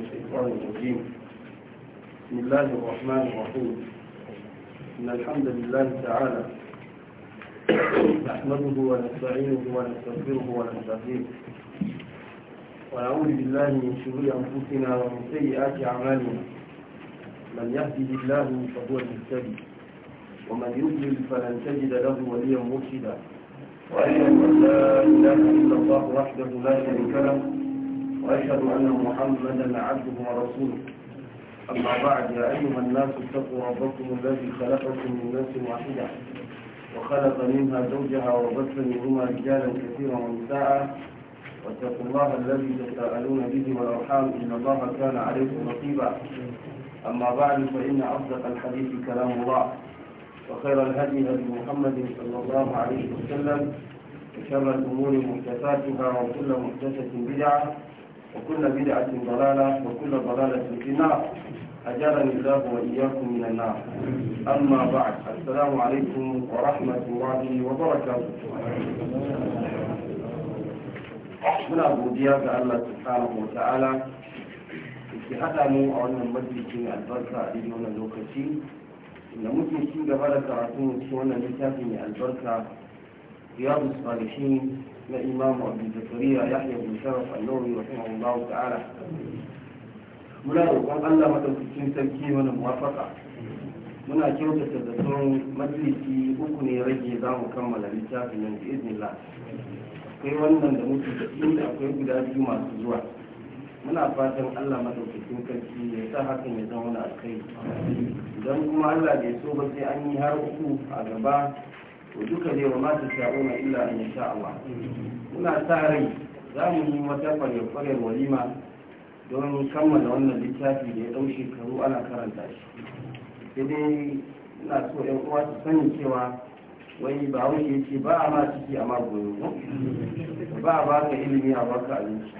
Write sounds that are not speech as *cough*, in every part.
الشيطان الرجيم بسم الله الرحمن الرحيم إن الحمد لله تعالى *clears throat* نحمده ونستعينه ونستغفره ونستغفره ونعوذ بالله من شرور أنفسنا ومن سيئات أعمالنا من يهده الله فهو المهتدي ومن يضلل فلن تجد له وليا مرشدا وأشهد أن لا إله إلا الله وحده لا شريك له وأشهد أن محمدا عبده ورسوله أما بعد يا أيها الناس اتقوا ربكم الذي خلقكم من نفس واحدة وخلق منها زوجها وبث منهما رجالا كثيرا ونساء واتقوا الله الذي تساءلون به والأرحام إن الله كان عليكم رقيبا أما بعد فإن أصدق الحديث كلام الله وخير الهدي هدي محمد صلى الله عليه وسلم وشر الأمور محدثاتها وكل محدثة بدعة وكل بدعة ضلالة وكل ضلالة في النار أجرني الله وإياكم من النار أما بعد السلام عليكم ورحمة الله وبركاته muna godiya ga Allah subhanahu wa ta'ala ke haɗa mu a wannan majalisi albarka a daidai wannan lokaci da muke ci gaba da karatu cikin wannan littafin mai albarka رياض الصالحين لإمام أبي زكريا يحيى بن شرف النووي رحمه الله تعالى muna roƙon Allah madaukakin sarki mana muwafaka muna kyautata da tsohon majalisi uku ne rage za mu kammala littafin nan da iznillah akwai wannan da muke da inda akwai guda biyu masu zuwa muna fatan Allah madaukakin sarki ya sa hakan ya zama wani alkhairi idan kuma Allah bai so ba sai an yi har uku a gaba to duka ne wa mata sha'una illa an yasha Allah muna sa rai za mu yi wata kwarekwaren walima don kammala wannan littafi da ya ɗau shekaru ana karanta shi sai dai ina so yan uwa su sani cewa wai ba ya ce ba a ma ciki a magoyo ba a baka ilimi a baka abinci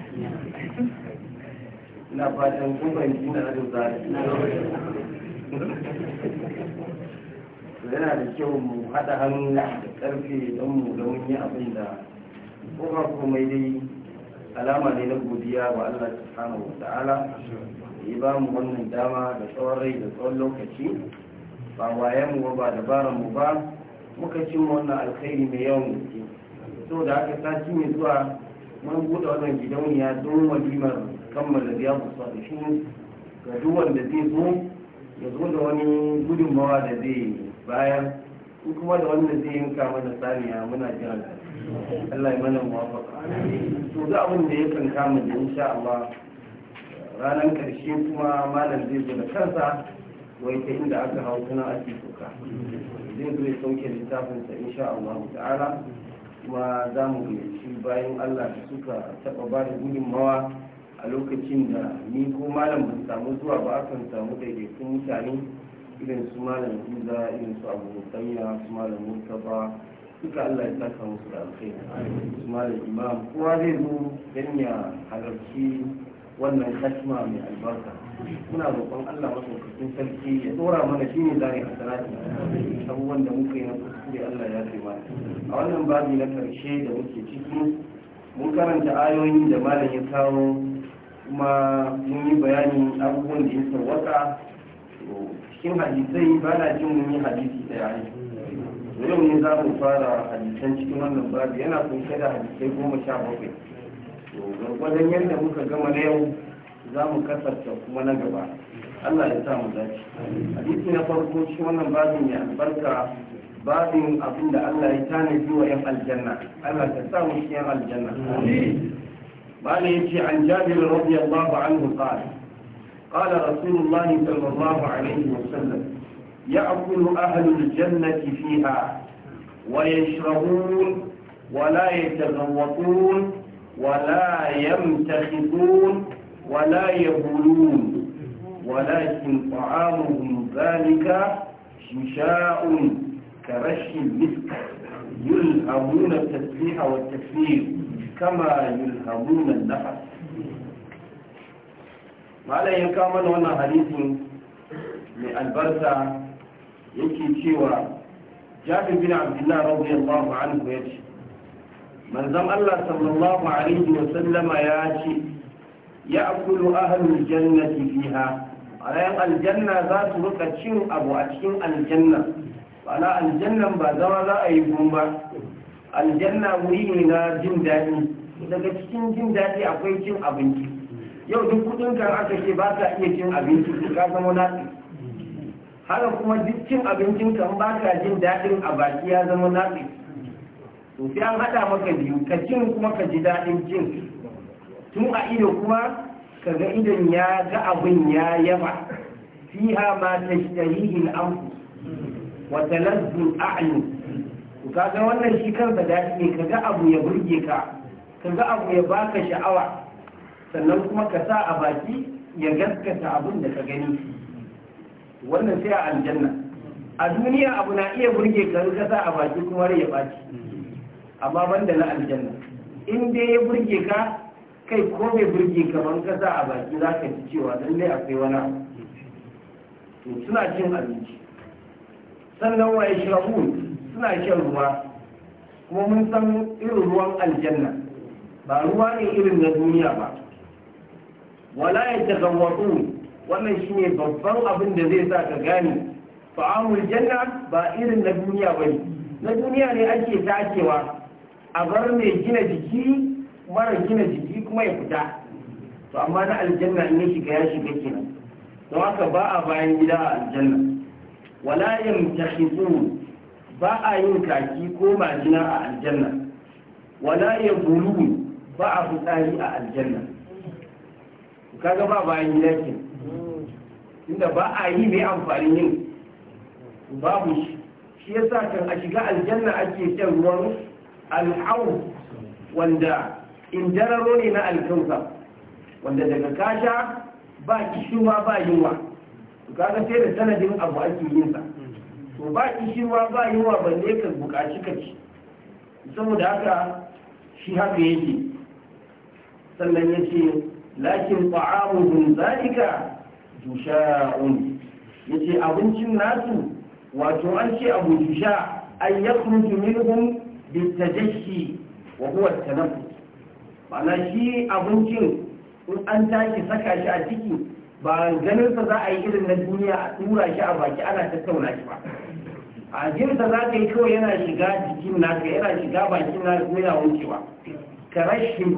ina fatan kun fahimci na da zafi. yana da kyau mu haɗa hannu da ƙarfe don mu da wani abin da kuma komai dai alama ne na godiya wa Allah subhanahu wa ta'ala ya ba mu wannan dama da tsawon rai da tsawon lokaci ba wayan mu ba dabaran mu ba muka ci wannan alkhairi mai yawan gaske da aka sati mai zuwa mun buɗe wannan gidauniya don walimar kammala riyadu salihin ga duk wanda zai zo ya zo da wani gudunmawa da zai bayan ko kuma da wanda zai yanka mana saniya muna jiran Allah ya mana muwafaka to da abin da ya kama da insha Allah ranar karshe kuma malam zai zo da kansa wai ta inda aka hau tana ake kuka zai zo ya sauke littafinsa insha Allah ta'ala kuma za mu gayyaci bayan Allah da suka taba ba da gudunmawa a lokacin da ni ko malam ban samu zuwa ba akan samu daidaitun mutane irin su malam iza irin su abu mutayya su malam murtaba duka allah ya saka musu da alkhairi su malam imam kowa zai zo don ya halarci wannan kashma mai albarka muna roƙon allah masu masaukakin sarki ya tsora mana shi ne zai hasarati abubuwan da muka yi na kuskure allah ya kai a wannan babi na karshe da muke ciki mun karanta ayoyi da malam ya kawo kuma mun yi bayanin abubuwan da ya sawwaka cikin hadisai ba na jin wani hadisi da yayi yau ne za mu fara hadisan cikin wannan babu yana kunshe da hadisai goma sha bakwai gwargwadon yadda muka gama na yau za mu kasarta kuma na gaba allah ya sa mu dace hadisi na farko cikin wannan babin ya albarka babin abin da allah ya tana wa yan aljanna allah ta sa mu shi yan aljanna ba ne ya ce an jabir radiyallahu anhu qala قال رسول الله صلى الله عليه وسلم يأكل أهل الجنة فيها ويشربون ولا يتغوطون ولا يمتخذون ولا يبولون ولكن طعامهم ذلك ششاء كرش المسك يلهمون التسبيح والتكبير كما يلهمون النفس malam ya kawo mana wannan hadisin mai albarka yake cewa jabir bin abdullah radiyallahu anhu ya ce manzon Allah sallallahu alaihi wa sallama ya ce ya akulu ahlul jannati fiha rayan aljanna za su rika cin abu a cikin aljanna ana aljannan ba zama za a yi ba aljanna wuri ne na jin daɗi daga cikin jin daɗi akwai cin abinci yau duk kudin kan aka ce ba ka iya cin abinci su ka zama naɗi. haka kuma duk cin abincin kan ba ka jin daɗin a baki ya zama naɗi. to sai an haɗa maka biyu ka cin kuma ka ji daɗin cin tun a ido kuma ka ga idon ya ga abin ya yaba fiha ma tashtarihi al-anfus wa talazzu al-a'yun kaga wannan shi kansa daɗi ne ga abu ya burge ka ka ga abu ya baka sha'awa sannan kuma ka sa a baki ya gaskata abin da ka gani wannan sai a aljanna a duniya abu na iya burge ka ka sa a baki kuma rai ya baki amma banda na aljanna in dai ya burge ka kai ko bai burge ka ban ka sa a baki za ka ci cewa lallai akwai wani abu to suna cin abinci sannan wa yashrabun suna shan ruwa kuma mun san irin ruwan aljanna ba ruwa ne irin na duniya ba wala yatazawwadun wannan shine babban abin da zai sa ka gani fa'amul janna ba irin na duniya ne na duniya ne ake takewa a bar mai gina jiki mara gina jiki kuma ya fita to amma na aljanna in ya shiga ya shiga kenan to haka ba a bayan gida a aljanna wala yamtakhizun ba a yin kaki ko majina a aljanna wala bulu ba a fitsari a aljanna kaga ba bayan yin ke inda ba a yi mai amfani yin babu shi shi yasa kan a shiga aljanna ake shan ruwan al'au wanda in dararo ne na alkanka wanda daga kasha ba kishirwa ba yunwa kaga sai da sanadin abu ake yin sa to ba kishirwa ba ba ne ka bukaci ka ci saboda haka shi haka yake sannan yake lakin ta'amuhum zalika dusha'un yace abincin nasu wato an ce abu dusha ay yakhruju minhum bitajashi wa huwa at-tanaffus ma'ana shi abincin in an tashi saka shi a ciki ba ganin sa za a yi irin na duniya a tura shi a baki ana tattauna shi ba a jinsa za ka yi kawai yana shiga jikin naka yana shiga bakin naka yana wucewa ka rashin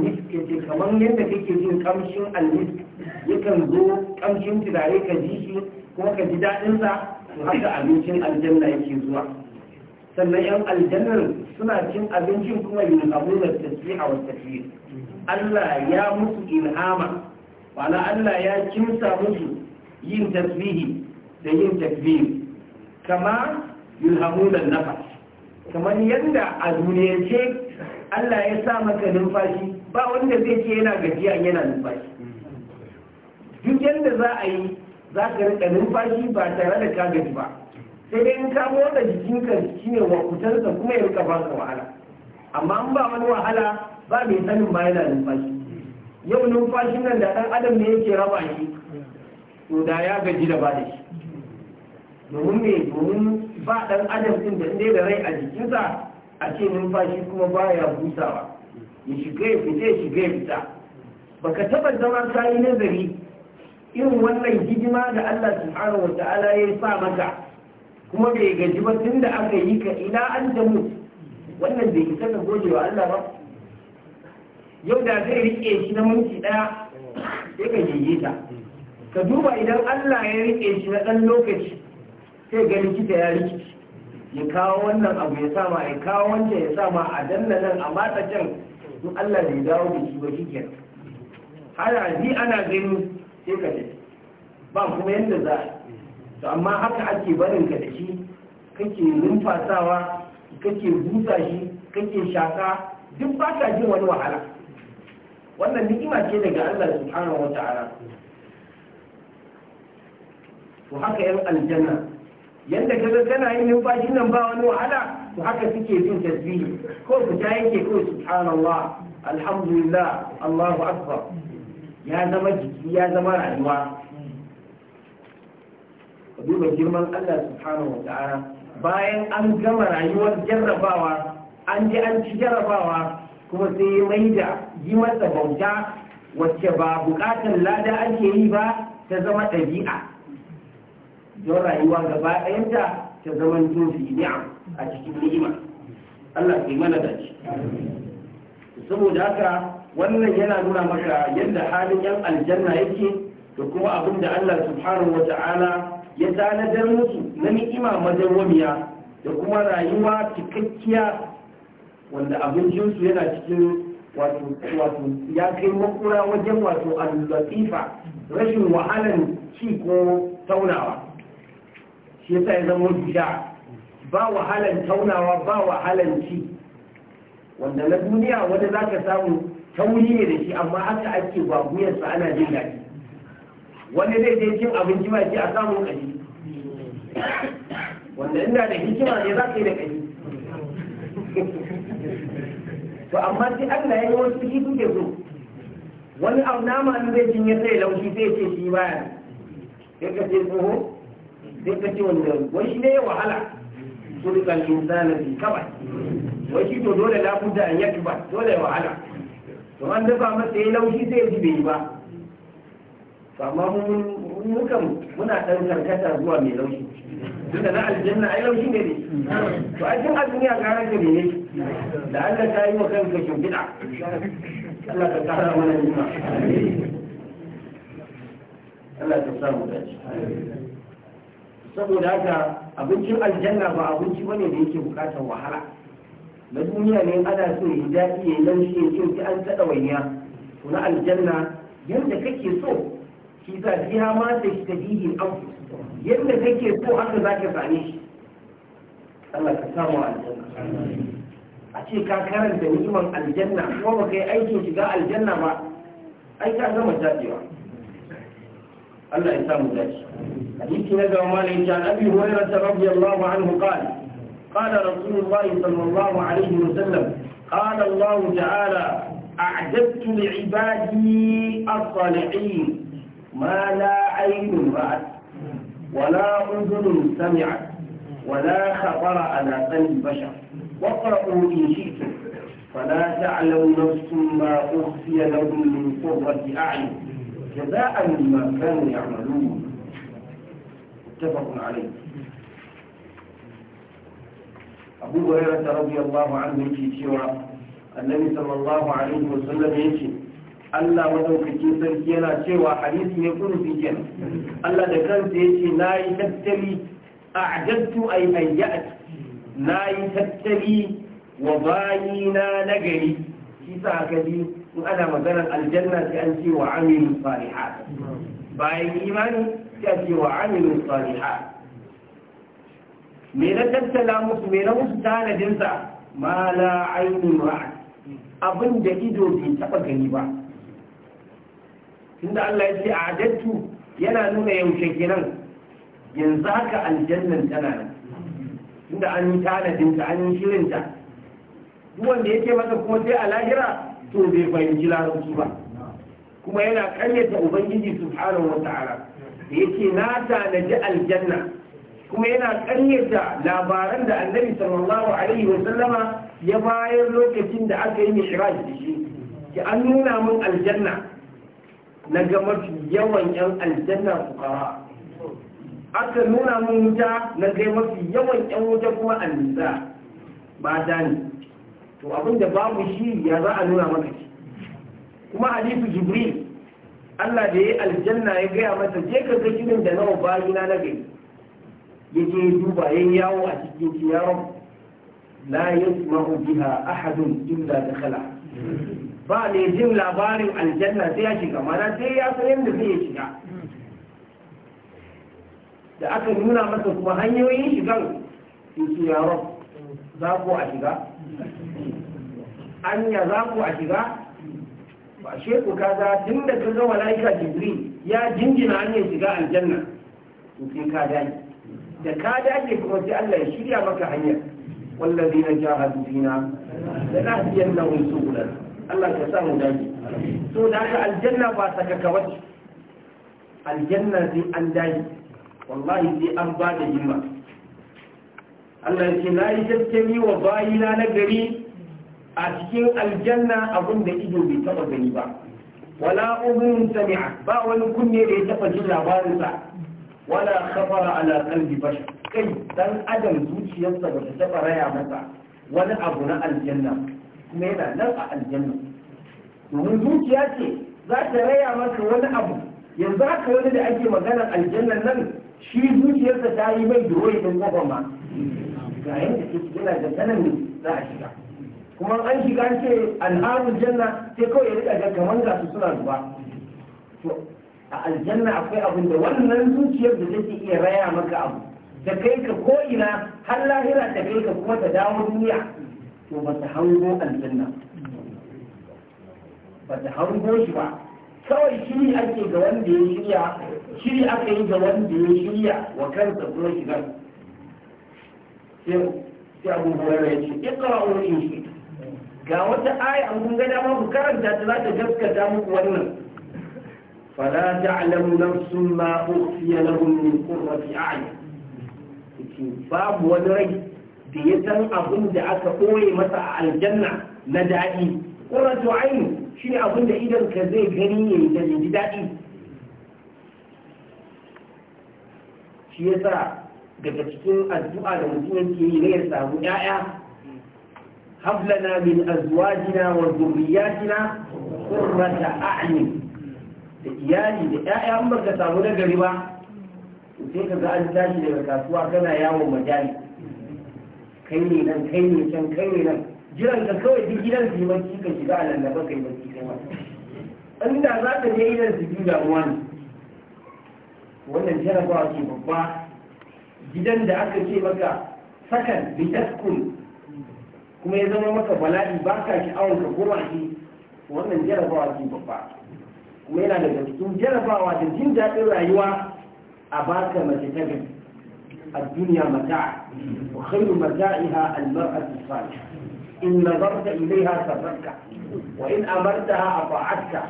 kamar yadda kake jin kamshin almisk yakan zo kamshin turare ka ji shi kuma ka ji daɗinsa to haka abincin aljanna yake zuwa sannan yan aljannar suna cin abincin kuma yin abu da tafi a wata Allah ya musu ilhama ma'ana Allah ya kimsa musu yin tasbihi da yin takbir kama yulhamunan nafas kamar yadda a duniyance Allah ya sa maka numfashi ba wanda zai ce yana gajiya yana numfashi duk yadda za a yi za ka rika numfashi ba tare da ka gaji ba sai dai in ka motsa jikinka shine wakutarsa kuma ya rika baka wahala amma an ba wani wahala ba mai sanin ba yana numfashi yau numfashin nan da ɗan adam ne yake raba shi to da ya gaji da ba da shi domin me ba ɗan adam ɗin da ɗaya da rai a jikinsa a ce numfashi kuma baya busawa ya shiga ya fita ya shiga ya fita ba ka taba zama kayi nazari irin wannan hidima da Allah subhanahu ta'ala ya sa maka kuma bai gaji ba tun da aka yi ka ila an da mu wannan bai isa ka goje wa Allah ba yau da zai rike shi na minti daya sai ka jeje ta ka duba idan Allah ya rike shi na dan lokaci sai ga likita ya shi ya kawo wannan abu ya sama ya kawo wancan ya sama a danna nan a matsa can in Allah ya dawo da shi ba shi ke hana ji ana gani sai ka ce ba kuma yadda za a to amma haka ake barin ka da shi kake numfasawa kake busa shi kake shaka duk ba ka jin wani wahala wannan ni'ima ce daga Allah subhanahu wa ta'ala to haka yan aljanna yadda ka tana yin numfashi nan ba wani wahala to haka suke jin tasbihi ko fita yake ko subhanallah alhamdulillah allahu akbar ya zama jiki ya zama rayuwa ka duba girman allah subhanahu wa ta'ala bayan an gama rayuwar jarrabawa an ji an ci jarrabawa kuma sai ya mai da yi masa bauta wacce ba bukatar lada ake yi ba ta zama ɗabi'a don rayuwa gaba ɗayanta ta zaman tofi ni'am a cikin ni'ima Allah ke mana da shi saboda haka wannan yana nuna maka yadda halin yan aljanna yake da kuma abin da Allah subhanahu wa ta'ala ya tanadar musu na ni'ima madawwamiya da kuma rayuwa cikakkiya wanda abincinsu yana cikin wato wato ya kai makura wajen wato al-latifa rashin wahalan ci ko taunawa shi yasa ya zama bid'a ba wahalan taunawa ba wahalan ci wanda na duniya wanda za ka samu tauri ne da shi amma haka ake gwagwuyarsa ana jin daɗi wanda zai je cin abinci ma shi a samun ƙashi wanda ina da hikima ne za ka yi da ƙashi to amma sai Allah ya yi wasu shi da so wani abu na ne zai ya sai laushi sai ce shi baya sai ka ce tsoho sai ka ce wanda wani ne wahala turkan insana bi kawai wani to dole labuda an yaki ba dole wahala to an dafa masa ya laushi sai ya ji bai ba to amma mun mukan muna ɗan karkata zuwa mai laushi tunda na aljanna ai laushi ne ne to a cikin azumi a karar da ne da Allah ta yi wa kanka shimfiɗa Allah ka kara mana nima Allah ta samu dace saboda haka abincin aljanna ba abinci bane da yake bukatar wahala na duniya ne ana so ya daɗi ya laushi ya ce sai an taɗa wainiya to na aljanna yadda kake so shi za ha ma da shi ta abu yadda kake so haka za ka same shi Allah ka samu aljanna a ce ka karanta ni'iman aljanna kuma ba ka yi aikin shiga aljanna ba ai ka gama daɗewa Allah ya samu dace حديث نزل مالك عن أبي هريرة رضي الله عنه قال قال رسول الله صلى الله عليه وسلم قال الله تعالى أعددت لعبادي الصالحين ما لا عين رأت ولا أذن سمعت ولا خطر على قلب بشر واقرؤوا إن شئتم فلا تعلم نفس ما أخفي لهم من قرة أعين جزاء لما كانوا يعملون متفق عليه أبو هريرة رضي الله عنه يجي سوى النبي صلى الله عليه وسلم يجي Allah madaukaki sarki yana cewa hadisi ne kunu fi kenan Allah da kansa yace nayi a a'jadtu ay ayyat nayi tattari wa bayina nagari shi ka ji in ana maganar aljanna sai an ce wa amilu salihat bayan imani ya ce wa amilu salihat me na tattala musu me na musu tanadinsa ma la ainihin ra'ad abin da ido bai taba gani ba tunda Allah ya ce a adattu yana nuna yaushe kenan yanzu haka aljannan tana nan tunda an yi tanadinta an yi shirinta duk wanda yake masa kuma sai a lahira to bai fahimci larabci ba kuma yana karyata ubangiji subhanahu wa ta'ala yace na tanaji aljanna kuma yana ƙaryata labaran da annabi sallallahu alaihi wa sallama ya bayar lokacin da aka yi mihraj da shi ki an nuna min aljanna na ga mafi yawan yan aljanna fukara aka nuna min wuta na ga mafi yawan yan wuta kuma annisa ba dani to abinda babu shi ya za a nuna maka shi kuma hadithu jibril Allah da ya yi aljanna ya gaya masa je ka ga gidan da nawa bayina na gari ya je duba ya yawo a cikin ciyaron la a biha ahadun illa kala ba mai jin labarin aljanna sai ya shiga mana sai ya san yadda zai shiga da aka nuna masa kuma hanyoyin shigan in su yaron za ku a shiga anya za ku a shiga ba shi ku kaga tun da ka ga malaika jibril ya jinjina hanyar shiga aljanna to sai ka dage da ka dage kuma sai Allah ya shirya maka hanyar wallazina jahadu fina la nahdiyannahum subulana Allah ka sa mu dage so da haka aljanna ba sakaka kawai aljanna sai an dage wallahi sai an ba da himma Allah ya ce na yi tattali wa bayina na gari a cikin aljanna abin da ido bai taba gani ba wala ubun sami'a ba wani kunne da ya taba jin labarin sa wala khabara ala qalbi bashar kai dan adam zuciyarsa ba ta taba raya masa wani abu na aljanna kuma yana nan a aljanna domin zuciya ce za ta raya maka wani abu yanzu haka wani da ake maganar aljannan nan shi zuciyarsa ta yi mai duroyi don gaba ma ga yanzu yana da sanin za a shiga kuma an shiga ce al'adun janna sai kawai ya rika ga kamar su suna zuba to a aljanna akwai abin da wannan zuciyar da take iya raya maka abu da kai ka ko ina har lahira da kai ka kuma ta dawo duniya to ba ta hango aljanna ba ta hango shi ba kawai shiri ake ga wanda ya shirya shiri aka yi ga wanda ya shirya wa kansa kuma shigar sai abubuwan ya ce ikra'u in shi ga wata aya an kun gada ku karanta da za ta gaskata muku wannan fala ta'lamu nafsun ma ukhfiya lahum min qurrati a'yun babu wani rai da ya san abin da aka koye masa a aljanna na daɗi ƙurratu ainu shi ne abin da idan ka zai gani ya yi da ji daɗi shi yasa daga cikin addu'a da mutum yake yi ne ya samu 'ya'ya هب لنا من أزواجنا وذرياتنا قرة أعين iyali da ƴaƴan baka samu na gari ba sai ka ga an tashi daga kasuwa kana yawon majali kai ne nan kai ne can kai ne nan jiran ka kawai duk gidan su yi bacci ka shiga a lallaba kai bacci kai ma an da za ka je gidan su biyu damuwa ne wannan jarabawa ce babba gidan da aka ce maka sakan bi taskul kuma ya zama maka bala'i ba ka sha'awar ka goma shi wannan jarabawa ce babba kuma yana daga cikin jarabawa da jin daɗin rayuwa a baka mace ta gari الدنيا متاع وخير متاعها المرأة الصالحة إن نظرت إليها سرتك وإن أمرتها أطاعتك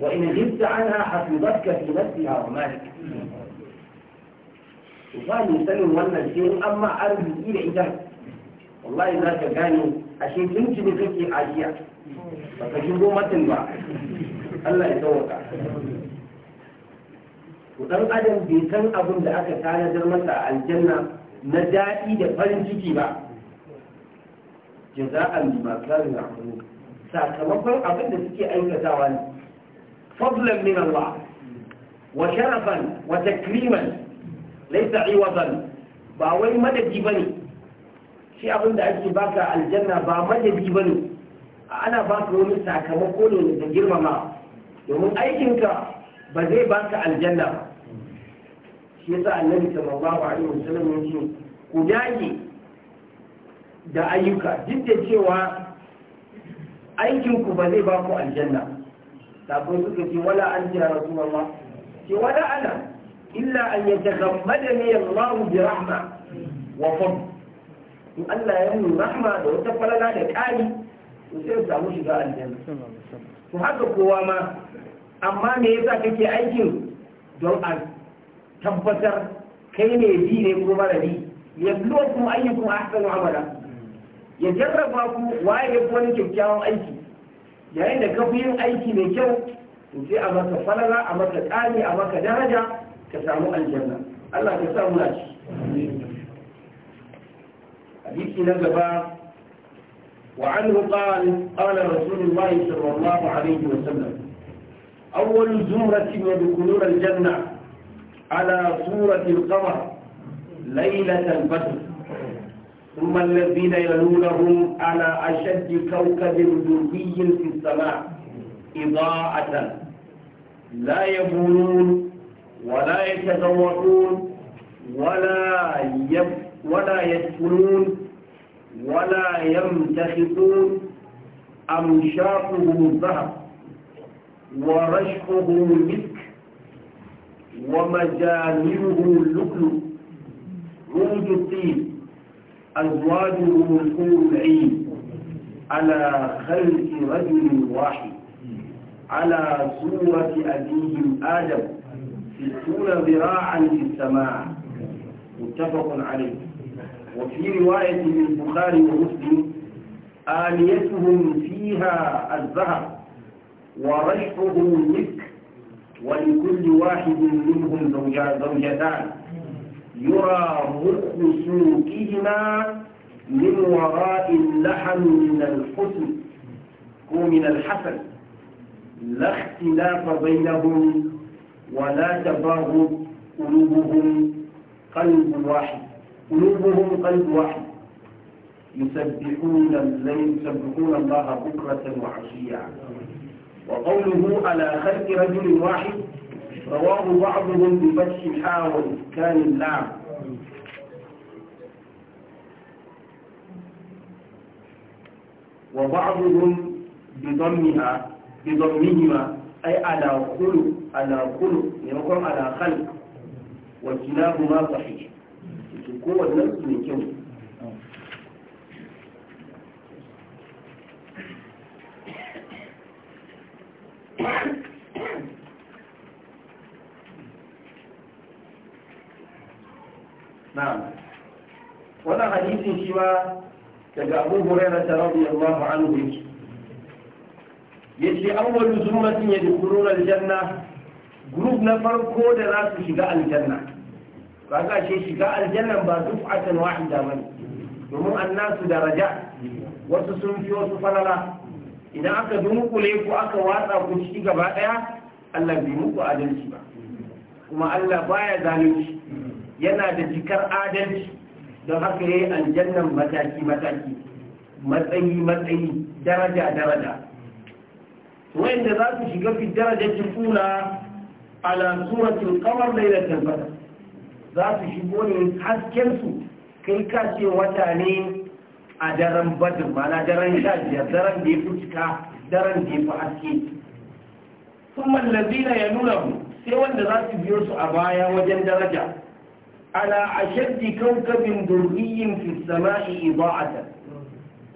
وإن غبت عنها حفظتك في نفسها ومالك وقال يسلم وانا الشيء أما أرجو إلى إذا والله ذاك كان A ashe tun jini ke ajiya ba ka shigo matin ba Allah ya tsawaka to dan adam bai san abin da aka tanadar masa a aljanna na dadi da farin ciki ba jaza'an bima kanu ya'malun sakamakon abin da suke aikatawa ne fadlan min Allah wa sharafan wa takriman laysa iwazan ba wai madadi bane shi abin da ake baka aljanna ba madadi ba ne ana baka wani sakamako ne da girmama domin aikinka ba zai baka aljanna ba shi yasa annabi sallallahu alaihi wasallam ya ce ku dage da ayyuka duk da cewa aikinku ba zai ba ku aljanna sabon suka ce wala an ya rasulullah ce wala ana illa an yatagammada ni Allah bi rahma wa fadl in Allah ya yi rahma da wata falala da ƙari to sai samu shiga aljanna to haka kowa ma amma me yasa kake aikin don a tabbatar kai ne bi ne ko mara bi ya zuwa kuma ayyukan ahsanu amala ya jarraba ku waye ya wani kyakkyawan aiki yayin da ka fi yin aiki mai kyau to sai a maka falala a maka ƙari a maka daraja ka samu aljanna Allah ka samu lafiya حديث نجبا وعنه قال قال رسول الله صلى الله عليه وسلم أول زمرة يدخلون الجنة على صورة القمر ليلة البدر ثم الذين يلونهم على أشد كوكب دربي في السماء إضاءة لا يبولون ولا يتذوقون ولا يبقى ولا يسكنون ولا يمتخطون أمشاقهم الذهب ورشقه المسك ومجامله اللؤلؤ عود الطين أزواجهم الحور العين على خلق رجل واحد على صورة أبيهم آدم ستون ذراعا في السماء متفق عليه وفي رواية للبخاري ومسلم آليتهم فيها الذهب وريحه المسك ولكل واحد منهم زوجتان يرى مخ سلوكهما من وراء اللحم من الحسن ومن الحسن لا اختلاف بينهم ولا تباغض قلوبهم قلب واحد قلوبهم قلب واحد يسبحون الليل يسبحون الله بكرة وعشيا وقوله على خلق رجل واحد رواه بعضهم بفتح الحاء كان اللام وبعضهم بضمها بضمهما أي على خلق على خلق يعني يقول على خلق وكلاهما صحيح su kowannen su ne kyau na'am wannan hadisin shi ba daga abu ya radiyallahu anhu yake yace awwalu zummatin yadkhuluna aljanna group na farko da za su shiga aljanna kaga shi shiga aljannan ba duf'atan wahida bane domin nasu daraja wasu sun fi wasu falala idan aka dunkule ku aka watsa ku ciki gaba daya Allah bai muku adalci ba kuma Allah baya zalunci yana da jikar adalci don haka yayi aljannan mataki mataki matsayi matsayi daraja daraja wanda za su shiga fi darajatul ula ala suratul qamar lailatul qadr za su shigo ne haskensu kai ka ce wata ne a daren badin mana daren sha daren da ya fi cika daren da ya fi haske sun mallazina ya nuna mu sai wanda za su biyo su a baya wajen daraja ala shaddi kaukabin durriyin fi sama'i ida'atan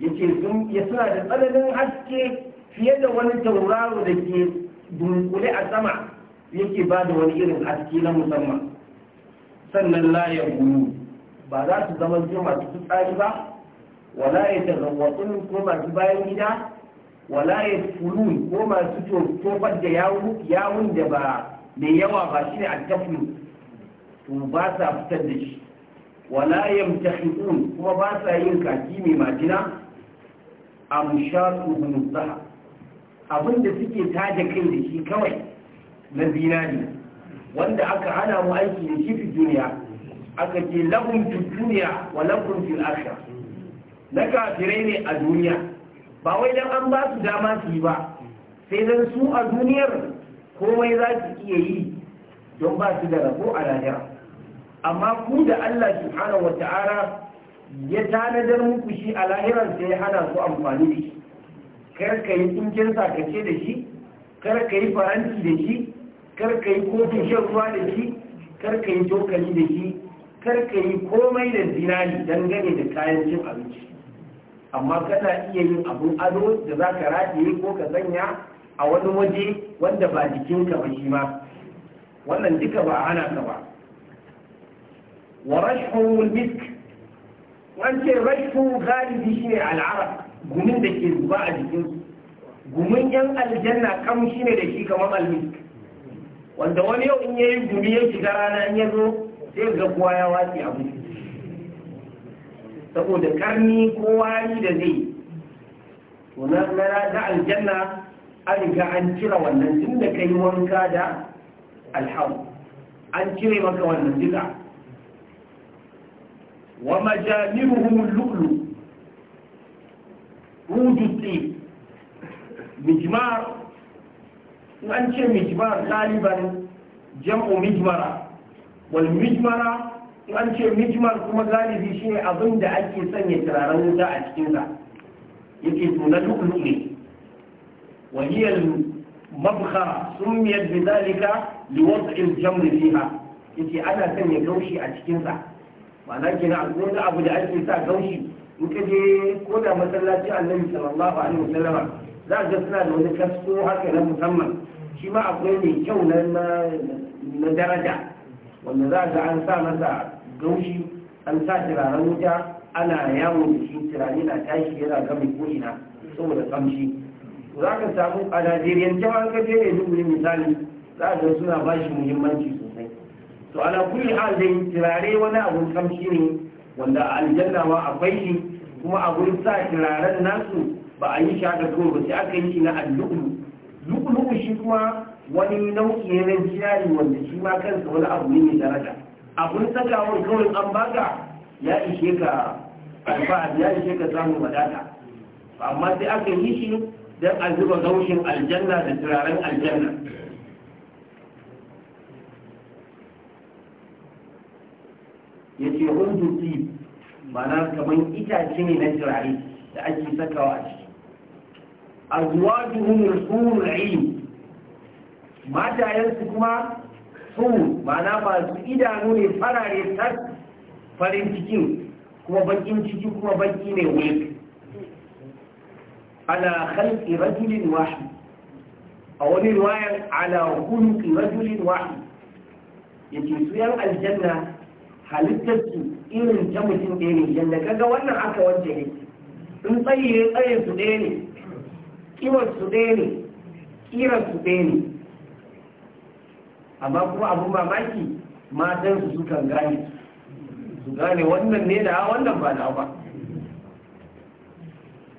yace sun ya suna da tsananin haske fiye da wani tauraro da ke dunkule a sama yake ba da wani irin haske na musamman sannan la ya ba za su zama zuwa masu fitsari ba wala ya tazawwatsun ko masu bayan gida wala ya fulun ko masu tofar da yawun da ba mai yawa ba shi ne a tafulu to ba sa fitar da shi wala yamtahiqun kuma ba sa yin kaki mai majina a amshaquhum zaha abinda suke taje kai da shi kawai na zinari wanda aka hana mu aiki da kifi duniya aka ce lahum fi duniya wa lakum fil akhirah na kafirai ne a duniya ba wai dan an ba su dama su yi ba sai dan su a duniyar komai za su iya yi don ba su da rabo a lahira amma ku da Allah subhanahu wa ta'ala ya tanadar muku shi a lahiran sai ya hana su amfani da shi kar ka yi sa ka da shi kar ka yi faranti da shi kar ka yi kofin shan ruwa da shi kar yi cokali da shi kar ka yi komai da zinari gane da kayan cin abinci amma kana iya yin abun ado da za ka rataye ko ka zanya a wani waje wanda ba jikinka ba shi ma wannan duka ba hana ka ba wa rashhul misk wance rashhu galibi ne al'arab gumin da ke zuba a jikinsu gumin yan aljanna kam ne da shi kamar almisk wanda wani yau in yayi gumi ya shiga rana in ya zo sai ga kowa ya wace abu saboda karni ko wari da zai to na na aljanna an riga an cire wannan tun da kai wanka da alhamu an cire maka wannan duka wa majamiruhum lu'lu rujuti mijmar an ce mijmar taliban jam'u mijmara wal mijmara an ce mijmar kuma galibi shine abin da ake sanya turaren wuta a cikinsa yake tunan lulu ne wa hiya mabkhara sumiyat bi zalika li il jamri jamr fiha yake ana sanya gaushi a cikinsa ba ma'ana kina akwai wani abu da ake sa gaushi in ka je ko da masallaci Annabi sallallahu alaihi wasallam za a ga suna da wani kasko haka na musamman shi ma akwai mai kyau na daraja wanda za a ga an sa masa gaushi an sa turaren wuta ana yawon da shi turare na tashi yana ga mai ko'ina saboda kamshi za ka samu a najeriyan jama'an ka ne duk wani misali za a ga suna ba shi muhimmanci sosai to ala kulli hal dai turare wani abun kamshi ne wanda aljanna ma akwai shi kuma a gurin sa turaren nasu ba a yi shaɗa haka ba sai aka yi shi na allu'ulu lu'ulu'u shi kuma wani nau'i ne na jari wanda shi ma kansa wani abu ne mai daraja abun sakawa kawai an baka ya ishe ka alfa'ad ya ishe ka samun wadata amma sai aka yi shi don a zuba gaushin aljanna da turaren aljanna ya ce hundu mana kamar itace ne na turare da ake sakawa a ciki azwajuhum rusul ayn matayensu kuma su ma'ana masu idanu ne farare tas farin cikin kuma bakin ciki kuma baki ne wulk ala khalqi rajulin wahid a wani riwayar ala khulqi rajulin wahid yace su yan aljanna halittar su irin ta mutum ɗaya ne yanda kaga wannan aka wanda ne in tsaye tsaye su ɗaya ne kiwon su ɗaya ne kiran su ɗaya ne amma kuma abun mamaki matan su sukan gane su gane wannan ne da wannan ba da ba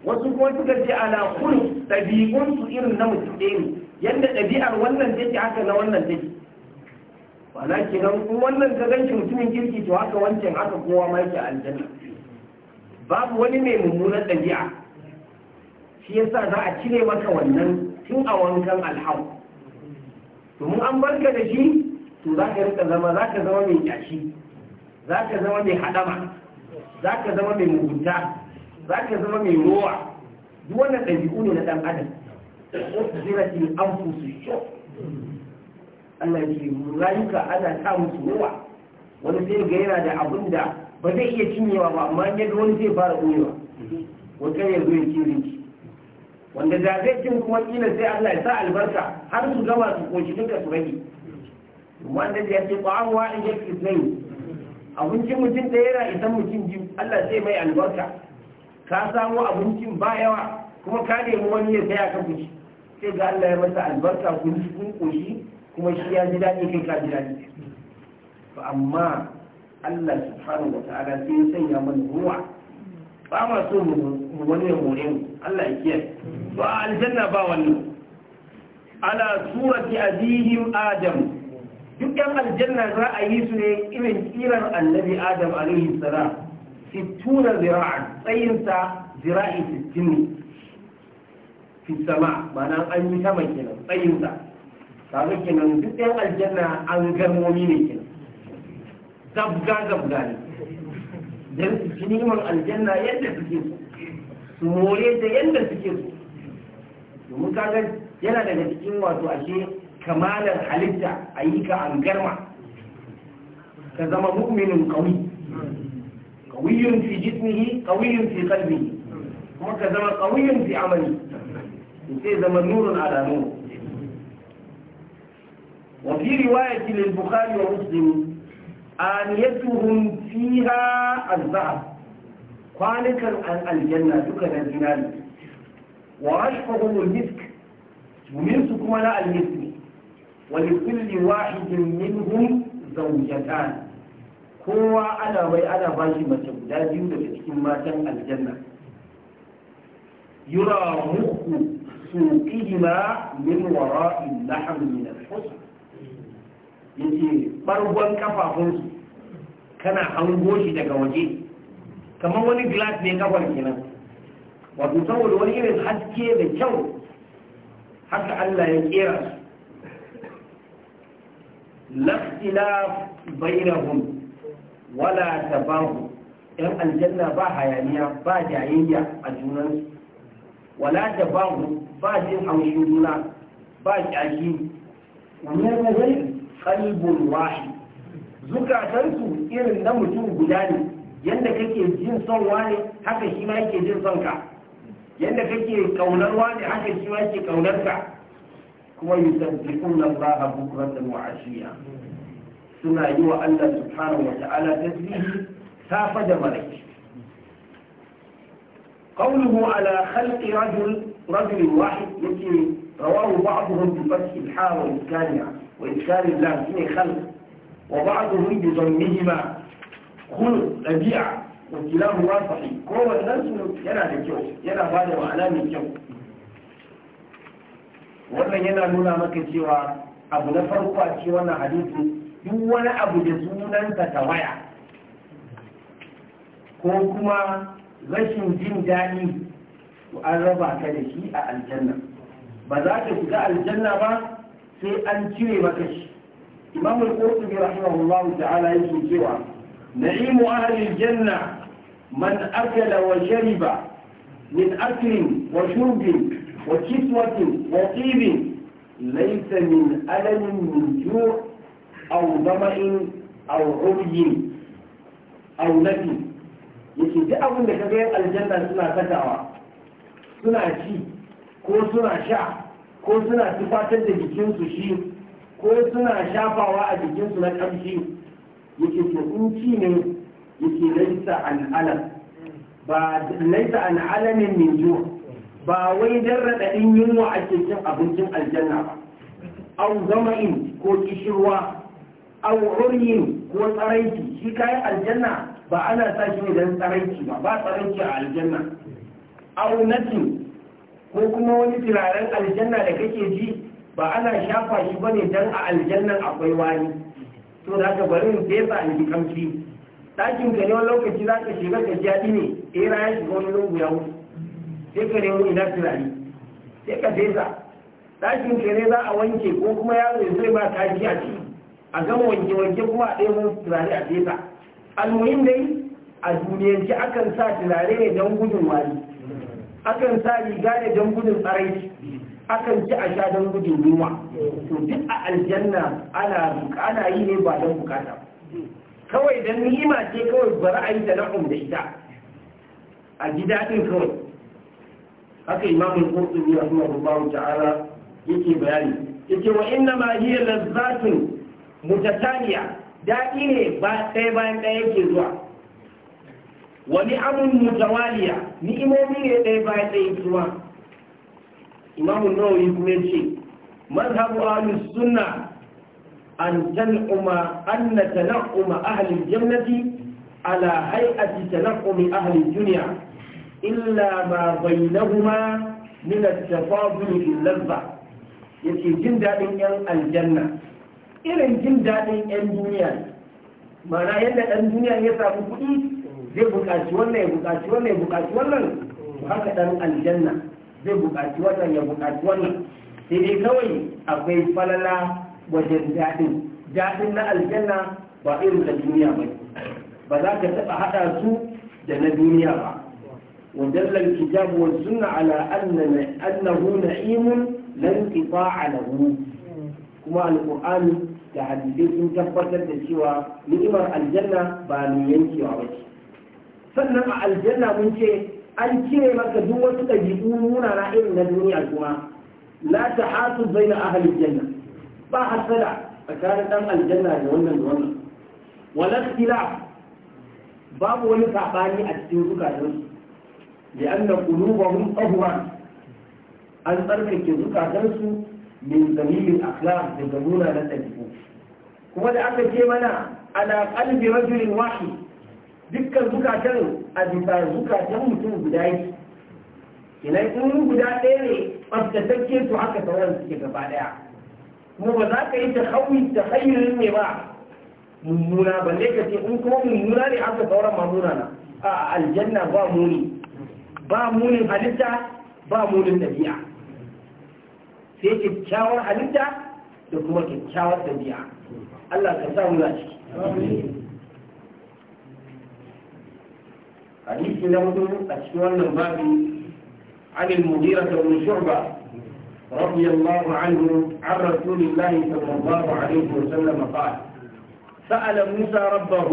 wasu kuma suka ce ala kun ɗabi'un su irin na mutu ɗaya ne yadda ɗabi'ar wannan take haka na wannan take ma'ana kenan in wannan ka ganci mutumin kirki to haka wancan haka kowa ma yake aljanna babu wani mai mummunan ɗabi'a shi sa za a cire maka wannan tun a wankan alhau domin an barka da shi to za ka rika zama za ka zama mai kyashi za ka zama mai haɗama za ka zama mai mugunta za ka zama mai rowa duk wannan ɗabi'u ne na ɗan adam ziratin an fusu sho Allah ce rayuka ana sa musu rowa wani zai ga yana da abin da ba zai iya cinyewa ba amma yadda wani zai fara ɓoyewa wata ya zo ya ce wanda da zai cin kuma kila sai Allah ya sa albarka har su gama su koshi duka su rage wanda da ya ce ba an wa'in fi abincin mutum da yana isan mutum ji Allah sai mai albarka ka samu abincin ba yawa kuma ka nemi wani ya saya ka kuci sai ga Allah ya masa albarka kun koshi kuma shi ya ji daɗi kai ka ji daɗi to amma Allah subhanahu wa ta'ala sai ya sanya mana ruwa ba ma so mu wani ya more mu Allah ya kiyaye to a aljanna ba wannan ala surati abihim adam duk yan aljanna za a yi su ne irin kiran annabi adam alaihi salam sittuna zira'an tsayinsa zira'i sittin fi sama ma'ana an yi sama kenan tsayinsa kaga kenan duk yan aljanna an garmomi ne kenan zabga zabga ne dan su niman aljanna yadda suke so su more da yadda suke so domin kaga yana daga cikin wato ashe kamalar halitta a yi ka an garma ka zama mu'minin kawi kawiyun fi jismihi kawiyun fi kalbi kuma ka zama kawiyun fi amali sai zama nurun ala nur وفي رواية للبخاري ومسلم آنيتهم فيها الذهب kwanukan an aljanna duka na zinari wa ashfaqul misk domin su kuma na almisk wa likulli wahidin minhum zawjatan kowa ana bai ana bashi mace guda biyu daga cikin matan aljanna yura muku suqihima min wara'il lahm min al yace bargon kafafunsu kana hango shi daga waje kamar wani glass ne kafar kenan wato saboda wani irin haske da kyau haka Allah ya kera su laftilaf bainahum wala tabahu yan aljanna ba hayaniya ba jayayya a junansu wala tabahu ba jin haushin juna ba kyaki wurin qalbun wahid zukatansu irin na mutum guda ne yanda kake jin son wani haka shi ma yake jin son ka yanda kake kaunar wani haka shi ma yake kaunar ka kuma yusabbihuna Allah bukratan wa ashiya suna yi wa Allah subhanahu wa ta'ala tasbihi safa da malaki qawluhu ala khalqi rajul rajul wahid yake rawahu ba'dhum bi fath al-ha wa al بعضهم wa الحاء وإسكانها وإسكان khalq wa ba'dhum bi dhammihima kun ɗabi'a wa kilahu sahi ko wannan su yana da kyau yana ba da ma'ana mai kyau wannan yana nuna maka cewa abu na farko a ce wannan hadisi duk wani abu da sunansa ta waya ko kuma rashin jin daɗi an raba ka da shi a aljanna ba za ka shiga aljanna ba sai an cire maka shi imamu al-qurtubi rahimahullah ta'ala yake cewa نعيم أهل الجنة من أكل وشرب من أكل وشرب وكسوة وطيب ليس من ألم من جوع أو ظمأ أو عري أو نفي yake duk abin da kaga yan aljanna suna sakawa suna ci ko suna sha ko suna tufatar da jikinsu shi ko suna shafawa a jikinsu na ƙamshi yake to ne yake laisa an alam ba laisa an alamin min juwa ba wai dan radadin yunwa ake cin abincin aljanna ba au zama'in ko kishirwa au ko tsaraiti shi kayan aljanna ba ana sa shi ne dan tsaraiti ba ba tsaraiti a aljanna au nati ko kuma wani turaren aljanna da kake ji ba ana shafa shi bane dan a aljannan akwai wani so da ka bari mu fesa a ji kamshi ɗakin ka ne wani lokaci za ka shiga ka jaɗi ne ɗera ya shiga wani lungu ya wuce sai ka nemo ina tunani sai ka fesa ɗakin ka ne za a wanke ko kuma yaro ya zai ba kashi a ci a gama wanke-wanke kuma a ɗaya tunani a fesa almuhim dai a duniyanci akan sa tunani ne don gudun wari akan sa riga ne don gudun tsaraici akan ji a sha don gudun yunwa to duk a aljanna ana ana yi ne ba don bukata kawai don ni'ima ce kawai bari a yi da na'um da ita a ji daɗin kawai haka imamul qurtubi rahimahullahu ta'ala yake bayani yake wa inna ma hiya lazzatun mutataniya daɗi ne ba ɗaya bayan ɗaya yake zuwa wani amun mutawaliya ni'imomi ne ɗaya bayan ɗaya zuwa imamu nawawi kuma yace mazhabu ahlus sunna an tan'uma anna tan'uma ahli jannati ala hay'ati kuma ahli dunya illa ma bainahuma min at-tafadul fil ladha yace jin dadin yan aljanna irin jin dadin yan duniya mana yadda dan duniya ya samu kuɗi zai buƙaci wannan ya buƙaci wannan ya buƙaci wannan haka dan aljanna zai buƙaci wannan ya buƙaci wannan sai dai kawai akwai falala wajen daɗin daɗin na aljanna ba irin na duniya ba ba za ka taɓa haɗa su da na duniya ba ودل الكتاب والسنة على أن أنه ba لا انقطاع له kuma alƙur'ani da hadisai sun tabbatar da cewa ni'imar aljanna ba mai yankewa ba sannan a aljanna mun ce an cire maka duk wasu ɗabi'u munana irin na duniya kuma la ta hasu na ahalin janna ba hasada tsakanin ɗan aljanna da wannan da wannan wala babu wani saɓani a cikin zukatansu da an ba mun tsahuwa an tsarkake zukatansu min zamilin akhlaq daga zamuna na ɗabi'u kuma da aka ce mana ala qalbi rajulin wahid dukkan zukatan a bisa zukatan mutum guda yake yi in guda ɗaya ne tsaftatacce to haka sauran suke gaba ɗaya kuma ba za ka yi ta hawi ta hanyoyin ne ba mummuna ne ka ce in ko mummuna ne haka sauran ma nuna na a aljanna ba muni ba munin halitta ba munin ɗabi'a sai kyakkyawar halitta da kuma kyakkyawar ɗabi'a Allah ka sa muna ciki حديث نبته أشوان البابي عن المغيرة بن شعبة رضي الله عنه عن رسول الله صلى الله عليه وسلم قال سأل موسى ربه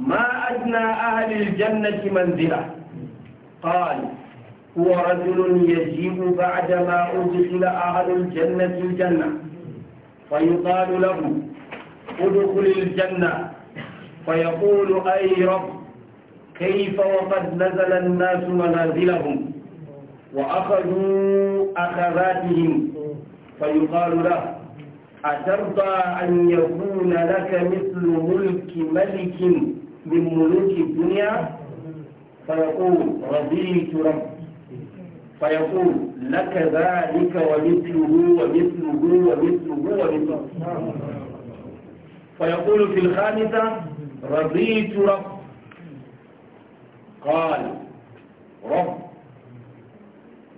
ما أدنى أهل الجنة منزلة قال هو رجل يجيء بعدما أدخل أهل الجنة الجنة فيقال له ادخل الجنة فيقول أي رب كيف وقد نزل الناس منازلهم وأخذوا أخذاتهم فيقال له أترضى أن يكون لك مثل ملك ملك من ملوك الدنيا فيقول رضيت رب فيقول لك ذلك ومثله ومثله ومثله ومثله فيقول في الخامسة رضيت رب قال رب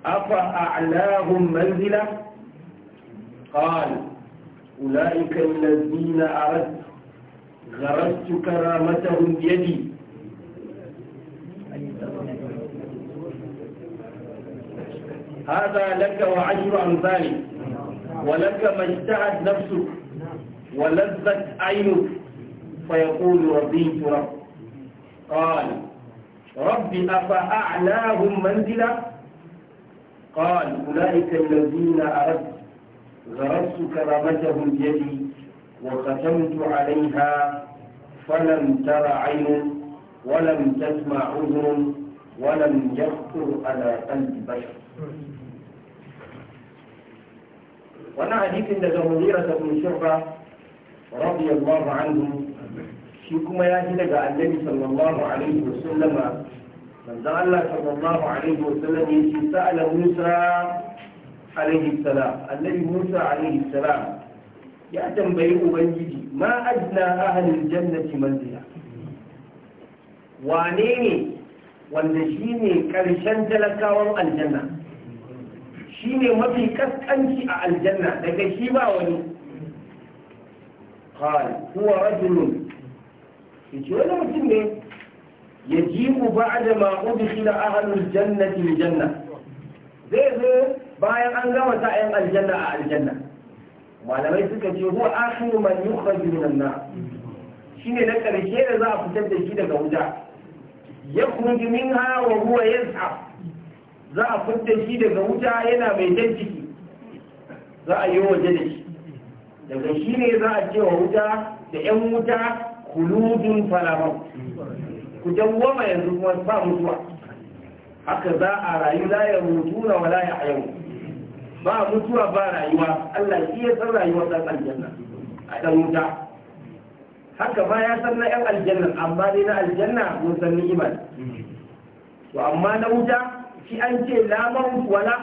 أفأعلاهم منزلة قال أولئك الذين أردت غرست كرامتهم بيدي هذا لك وعشر أمثالك ولك ما اجتعت نفسك ولذت عينك فيقول رضيت رب قال رب أفأعلاهم منزلا قال أولئك الذين أردت غرست كرامتهم بيدي وختمت عليها فلم تر عين ولم تسمع أذن ولم يخطر على قلب بشر وانا حديث عند مغيرة بن شعبة رضي الله عنه shi kuma ya ji daga annabi sallallahu alaihi wasallama manzon Allah sallallahu alaihi wasallam ya ce sa'ala Musa alaihi salam annabi Musa alaihi salam ya tambayi ubangiji ma ajna ahlul jannati manzila wane ne wanda shi ne ƙarshen talakawan aljanna shi ne mafi kaskanci a aljanna daga shi ba wani قال هو رجل yace wani mutum ne ya ji mu ba'da da udkhila na jannati bil janna zai zo bayan an gama sa aljanna a aljanna malamai suka ce huwa akhiru man yukhraju minan nar shine na karshe da za a fitar da shi daga wuta yakhruju minha wa huwa yaz'af za a fitar shi daga wuta yana mai jan ciki za a yi waje da shi daga shi ne za a ce wa wuta da yan wuta kuludun falamau ku dawwama yanzu kuma ba mutuwa haka za a rayu la ya mutu na wala ya hayo ba mutuwa ba rayuwa Allah shi ya san rayuwar dan aljanna a dan wuta haka ba ya san na yan aljanna amma dai na aljanna mun san iman. to amma na wuta shi an ce la mautu wa la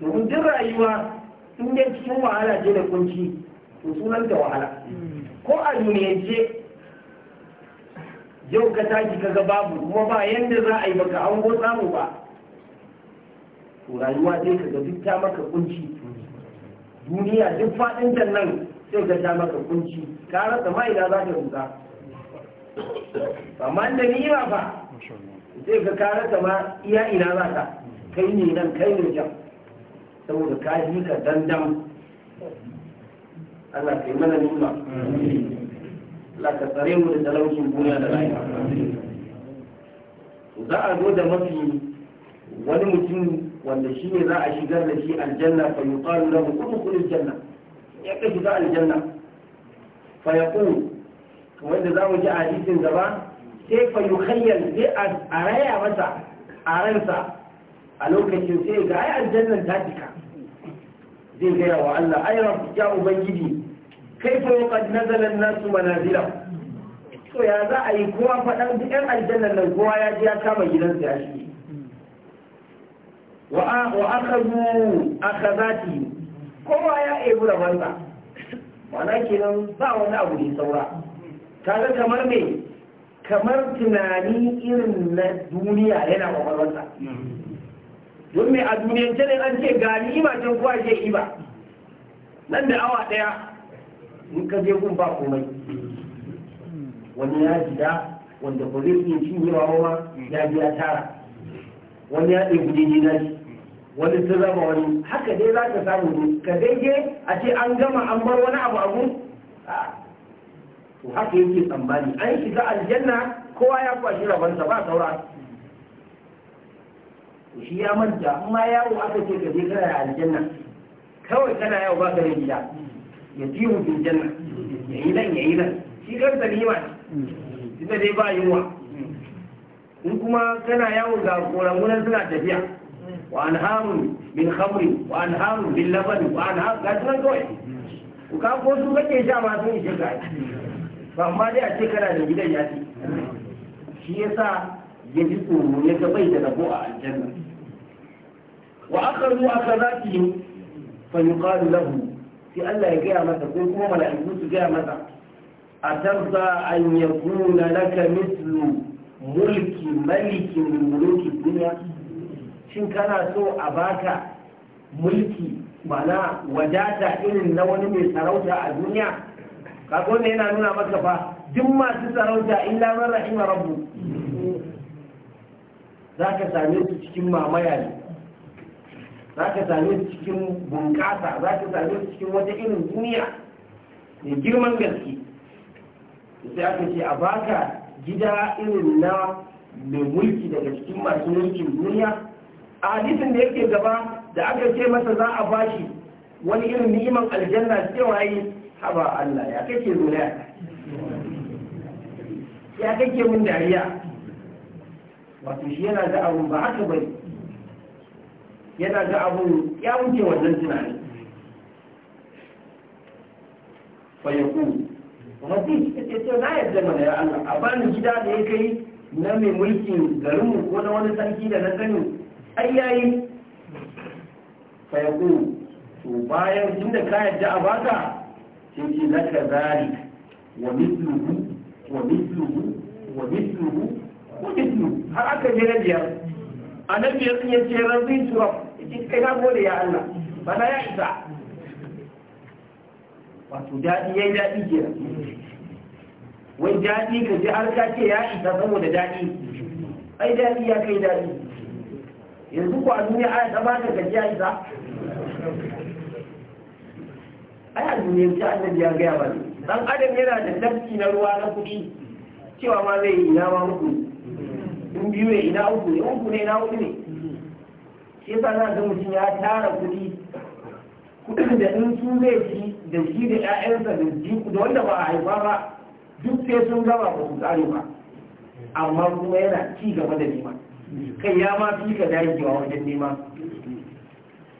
to duk rayuwa in dai cikin wahala ce da kunci to sunan ta wahala ko a duniyance yau ka tashi ka ga babu kuma ba yadda za a yi baka an go samu ba to rayuwa sai ka ga duk ta maka kunci duniya duk faɗin nan sai ka ta maka kunci ka rasa ina za ka Ba amma da ni ba sai ka ka rasa ma iya ina za ka kai ne nan kai ne can saboda ka ka dandam Allah kai mana nima Allah ka tsare mu da talaucin duniya da rayuwa za a zo da mafi wani mutum wanda shi ne za a shigar da shi aljanna fa yuqalu lahu udkhul aljanna ya kashi za aljanna fa yaqul kamar da za mu ji a hadisin gaba sai fa yukhayyal sai a raya masa a ransa a lokacin sai ga ai aljannan ta cika zai gaya wa Allah ai rabbi ya ubangiji Kai كيف وقد نزل الناس منازلهم to ya za a yi kowa faɗan duk ƴan aljannan nan kowa ya ji ya kama gidansa ya shi wa akazu akazati kowa ya ebu rabansa ma'ana kenan ba wani abu ne saura ga kamar me kamar tunani irin na duniya yana kwakwalwarsa don me a duniyance ne an ce ga ni ima can kowa ce iba nan da awa ɗaya in ka je gun ba komai wani ya jida wanda ba zai iya cinyewa mawa ya biya tara wani ya ɗebi gudun na shi wani sun raba wani haka dai za ka samu ne ka daidai a ce an gama an bar wani abu abu to haka yake tsammani an shiga aljanna kowa ya kwashi rabansa ba saura shi ya manta amma yawo aka ce ka je kana aljanna kawai kana yawo ba ka gida ya ji mu janna ya yi nan ya yi nan shi kansa nima ce ita dai ba yunwa in kuma kana yawo ga koramunan suna tafiya wa anhamun bin khamri wa anhamun bin labani wa anhamun ga sunan kawai ku ka ko su kake sha ma sun ishe ka ba amma dai a ce kana da gidan ya ce shi ya sa ya ji tsoro ya ga bai da rabo a aljanna wa aka zo aka zafi fa yuqalu lahu sai Allah ya gaya masa ko kuma mala'iku su gaya masa atarda an yakuna laka mislu mulki maliki min muluki shin kana so a baka mulki mana wadata irin na wani mai sarauta a duniya kaga wanda yana nuna maka fa duk masu sarauta illa man rahima rabbu ka same su cikin mamaya ne za ka same su cikin bunƙasa za ka same su cikin wata irin duniya mai girman gaske sai aka ce a baka gida irin na mai mulki daga cikin masu mulkin duniya a hadisin da yake gaba da aka ce masa za a bashi wani irin ni'iman aljanna cewa yi haba Allah ya kake zuriya ya kake mun dariya wato shi yana da abun ba haka bane yana ga abu ya wuce wannan tunani fayaku rabbi ta ce na yadda mana ya Allah a bani gida da ya kai na mai mulkin garinmu ko na wani sarki da na sani ai yayi fayaku to bayan inda ka yadda a baka sai ce laka zalik wa mithluhu wa mithluhu wa mithluhu ko mithluhu har aka jira biyar annabi ya tsaye ce rabbi turab ki kai na gode ya Allah bana ya isa wato daɗi yayi daɗi ke wai daɗi ka ji har ka ce ya isa saboda daɗi ai daɗi ya kai daɗi yanzu ko a duniya aya ta ba ka gaji ya isa ai a duniya ce annabi ya gaya ba dan adam yana da tafki na ruwa na kuɗi cewa ma zai yi na ma muku in biyu ne ina uku ne uku ne ina uku ne shi yasa na ga mutum ya tara kuɗi kuɗin da in su zai ci da shi da 'ya'yansa da jiku da wanda ba a haifa ba duk sai sun gama ba su tsare ba amma kuma yana ci gaba da nema kai ya ma fi ka dagewa wajen nema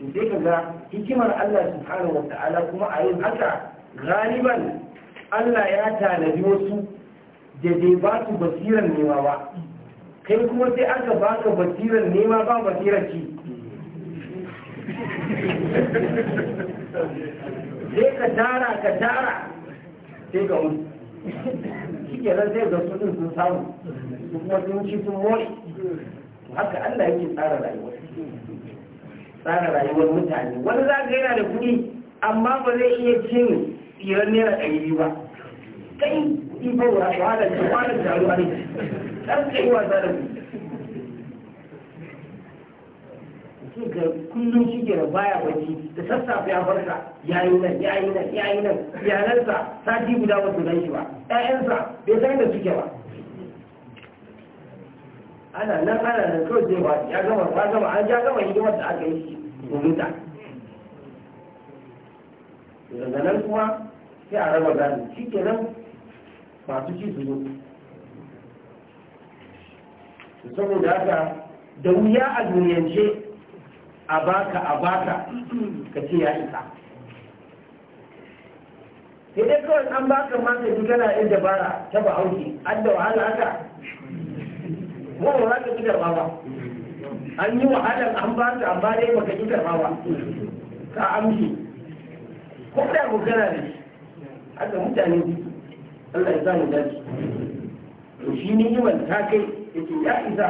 in sai ka ga hikimar Allah subhanahu wata'ala kuma a yin haka galiban Allah ya tanadi wasu da bai ba su basiran nema ba in kuma sai aka baka basirar nema ba basirar ci sai ka tara ka tara sai ga wuce shi nan sai ga su sun samu su kuma sun ci sun more haka Allah yake tsara rayuwar tsara rayuwar mutane wani za ka yana da kuɗi amma ba zai iya cin tsirar naira ɗari ba kai ibo wa wahala ce kwanan da a ne dan kai wa da ku shi ga kullum shi ke baya waje da sassafe ya farka yayi nan yi nan ya yi nan iyalansa sati guda ba su shi ba ƴaƴansa bai san da suke ba ana nan ana nan kawai zai ba ya gama ba gama an ja gama hidimar da aka yi shi rubuta daga nan kuma sai a raba gani shi ke nan. masu ci su zo saboda haka da wuya a duniyance a baka a baka ka ce ya isa sai dai kawai an baka magani kana yin dabara ta bahaushe an da wahala haka wani za ka ki karɓa ba an yi wahalar an ba ta amma dai ba ka ki karɓa ba ka amshi ko da mu kana da shi haka mutane Allah ya za mu dace to shi ni'imar ta kai yace ya isa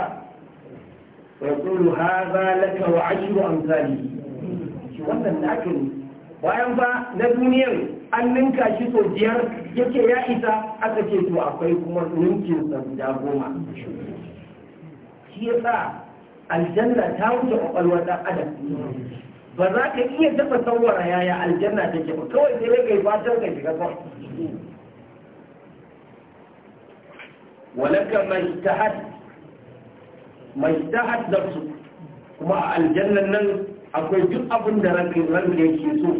wa yaqulu hadha laka wa ashru amsalihi shi wannan naka ne bayan fa na duniyar an ninka shi sau biyar yake ya isa aka ce to akwai kuma ninkin sa guda goma shi ya sa aljanna ta wuce kwakwalwa ɗan adam ba za ka iya taɓa sauwara yaya aljanna take ba kawai sai kai fatan ka shiga ba walaka mai tahad mai kuma a aljannan akwai duk abin da ranka yake so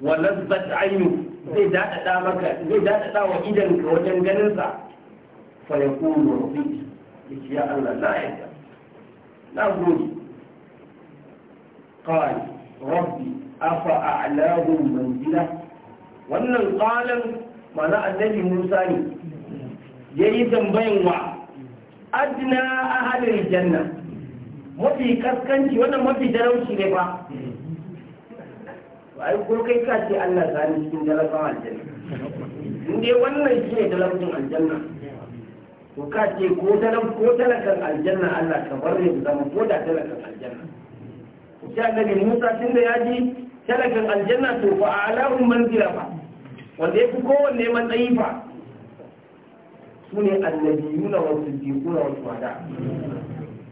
wa lazbat ainu zai dadada maka zai dadada wa idan wajen ganin sa fa yaqulu rabbi yace ya Allah la yadda na gode qal rabbi afa wannan qalan mana annabi Musa ne ya yi tambayin wa adina a halin janna mafi kaskanci wannan mafi jarauci ne ba ai ko kai ka ce Allah zani cikin dalakan aljanna inda ya wannan shi ne dalakan aljanna to ka ce ko dalan ko aljanna Allah ka bar ne zama ko da talakar aljanna to sai gani Musa da ya ji talakar aljanna to fa alahum manzila ba wanda fi kowanne matsayi fa su ne annabiyuna wasu siddiquna wa shuhada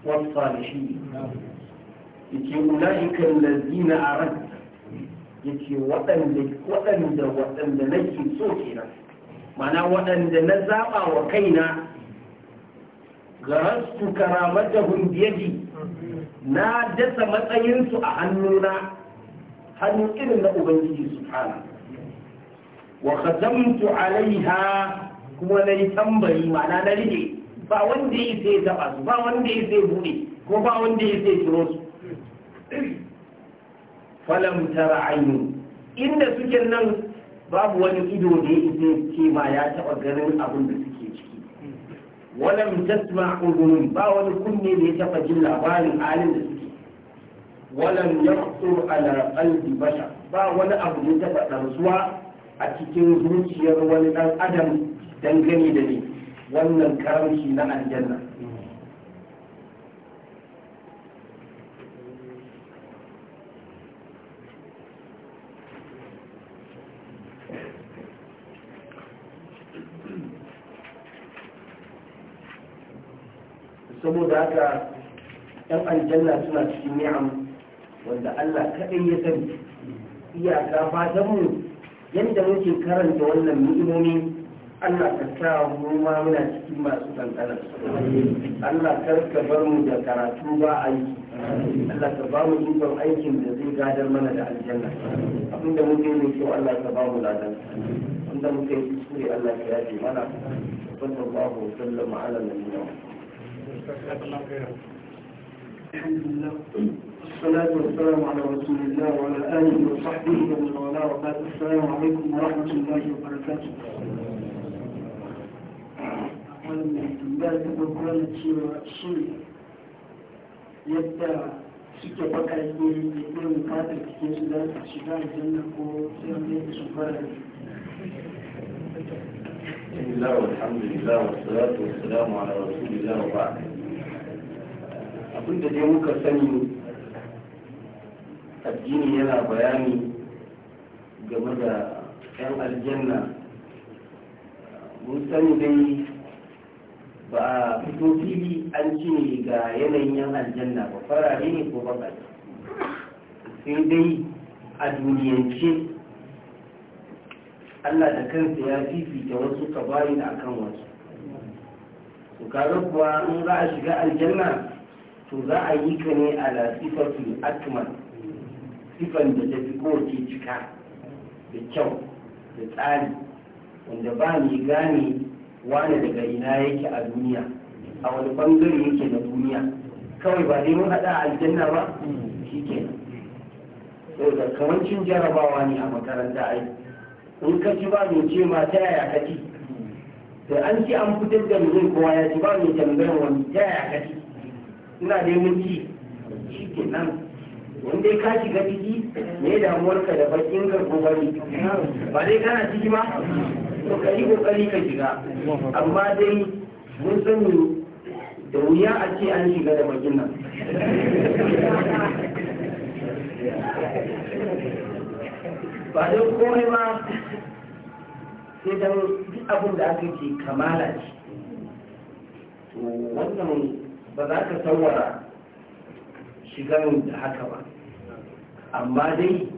wa salihin yake ulaika a aradta yake waɗanda waɗanda waɗanda nake so kenan mana waɗanda na zaɓa wa kaina ga garastu karamatahum biyadi na dasa matsayinsu a hannuna hannun irin na ubangiji subhana wa khazamtu alaiha kuma na yi tambari ma'ana na rike ba wanda ya sai zaba su ba wanda ya sai bude ko ba wanda ya sai turo su falam tara ainu inda suke nan babu wani ido da ya isa ce ma ya taba ganin abin da suke ciki walam tasma udunun ba wani kunne da ya taba jin labarin halin da suke walam yaqtur ala qalbi bashar ba wani abu da ya taba ɗansuwa a cikin zuciyar wani ɗan adam dangane da ne wannan karamci na aljanna saboda haka yan aljanna suna cikin ni'am wanda Allah kaɗai ya sani iyaka fatan mu yadda muke karanta wannan ni'imomi Allah ka sa mu ma muna cikin masu kankanar Allah kar ka bar mu da karatu ba aiki Allah ka ba mu ikon aikin da zai gadar mana da aljanna abinda muke mai kyau Allah ka ba mu ladan wanda muke yi kuskure Allah ka yafe mana sallallahu alaihi wa sallam ala nabiyina الحمد لله والصلاة والسلام على رسول الله وعلى آله وصحبه ومن والاه وبعد السلام عليكم ورحمة الله وبركاته wannan tambaya ta farko na cewa shi yadda suke bakake da irin fatar cikin su za su shiga aljanna ko sai ne su fara بسم الله والحمد لله والصلاة والسلام على رسول الله وبعد abinda dai muka sani addini yana bayani game da 'yan aljanna mun sani dai ba a fito fili an ne ga yanayin yan aljanna ba farare ne ko ba sai dai a duniyance Allah da kansa ya fifita wasu kabarin a akan wasu to kaga kuwa in za a shiga aljanna to za a yi ka ne a la sifatul akmal sifan da ta fi kowace cika da kyau da tsari wanda ba ni gane wane daga ina yake a duniya a wani bangare yake na duniya kawai ba dai mun haɗa aljanna ba shi ke saboda kawancin jarabawa ne a makaranta ai in ka ci ba mai ce ma ta yaya ka ci da an ci an fitar da mutum kowa ya ci ba mai tambayar wani ta yaya ka ci ina da mun ci shi ke nan wanda ka shiga ciki me damuwarka da bakin ka ko ba dai kana ciki ma. kokari kokari ka shiga amma dai mun sani da wuya a ce an shiga da bakin nan ba da komai ba sai dan duk abin da aka ce kamala ce to wannan ba za ka tsawara shigan da haka ba amma dai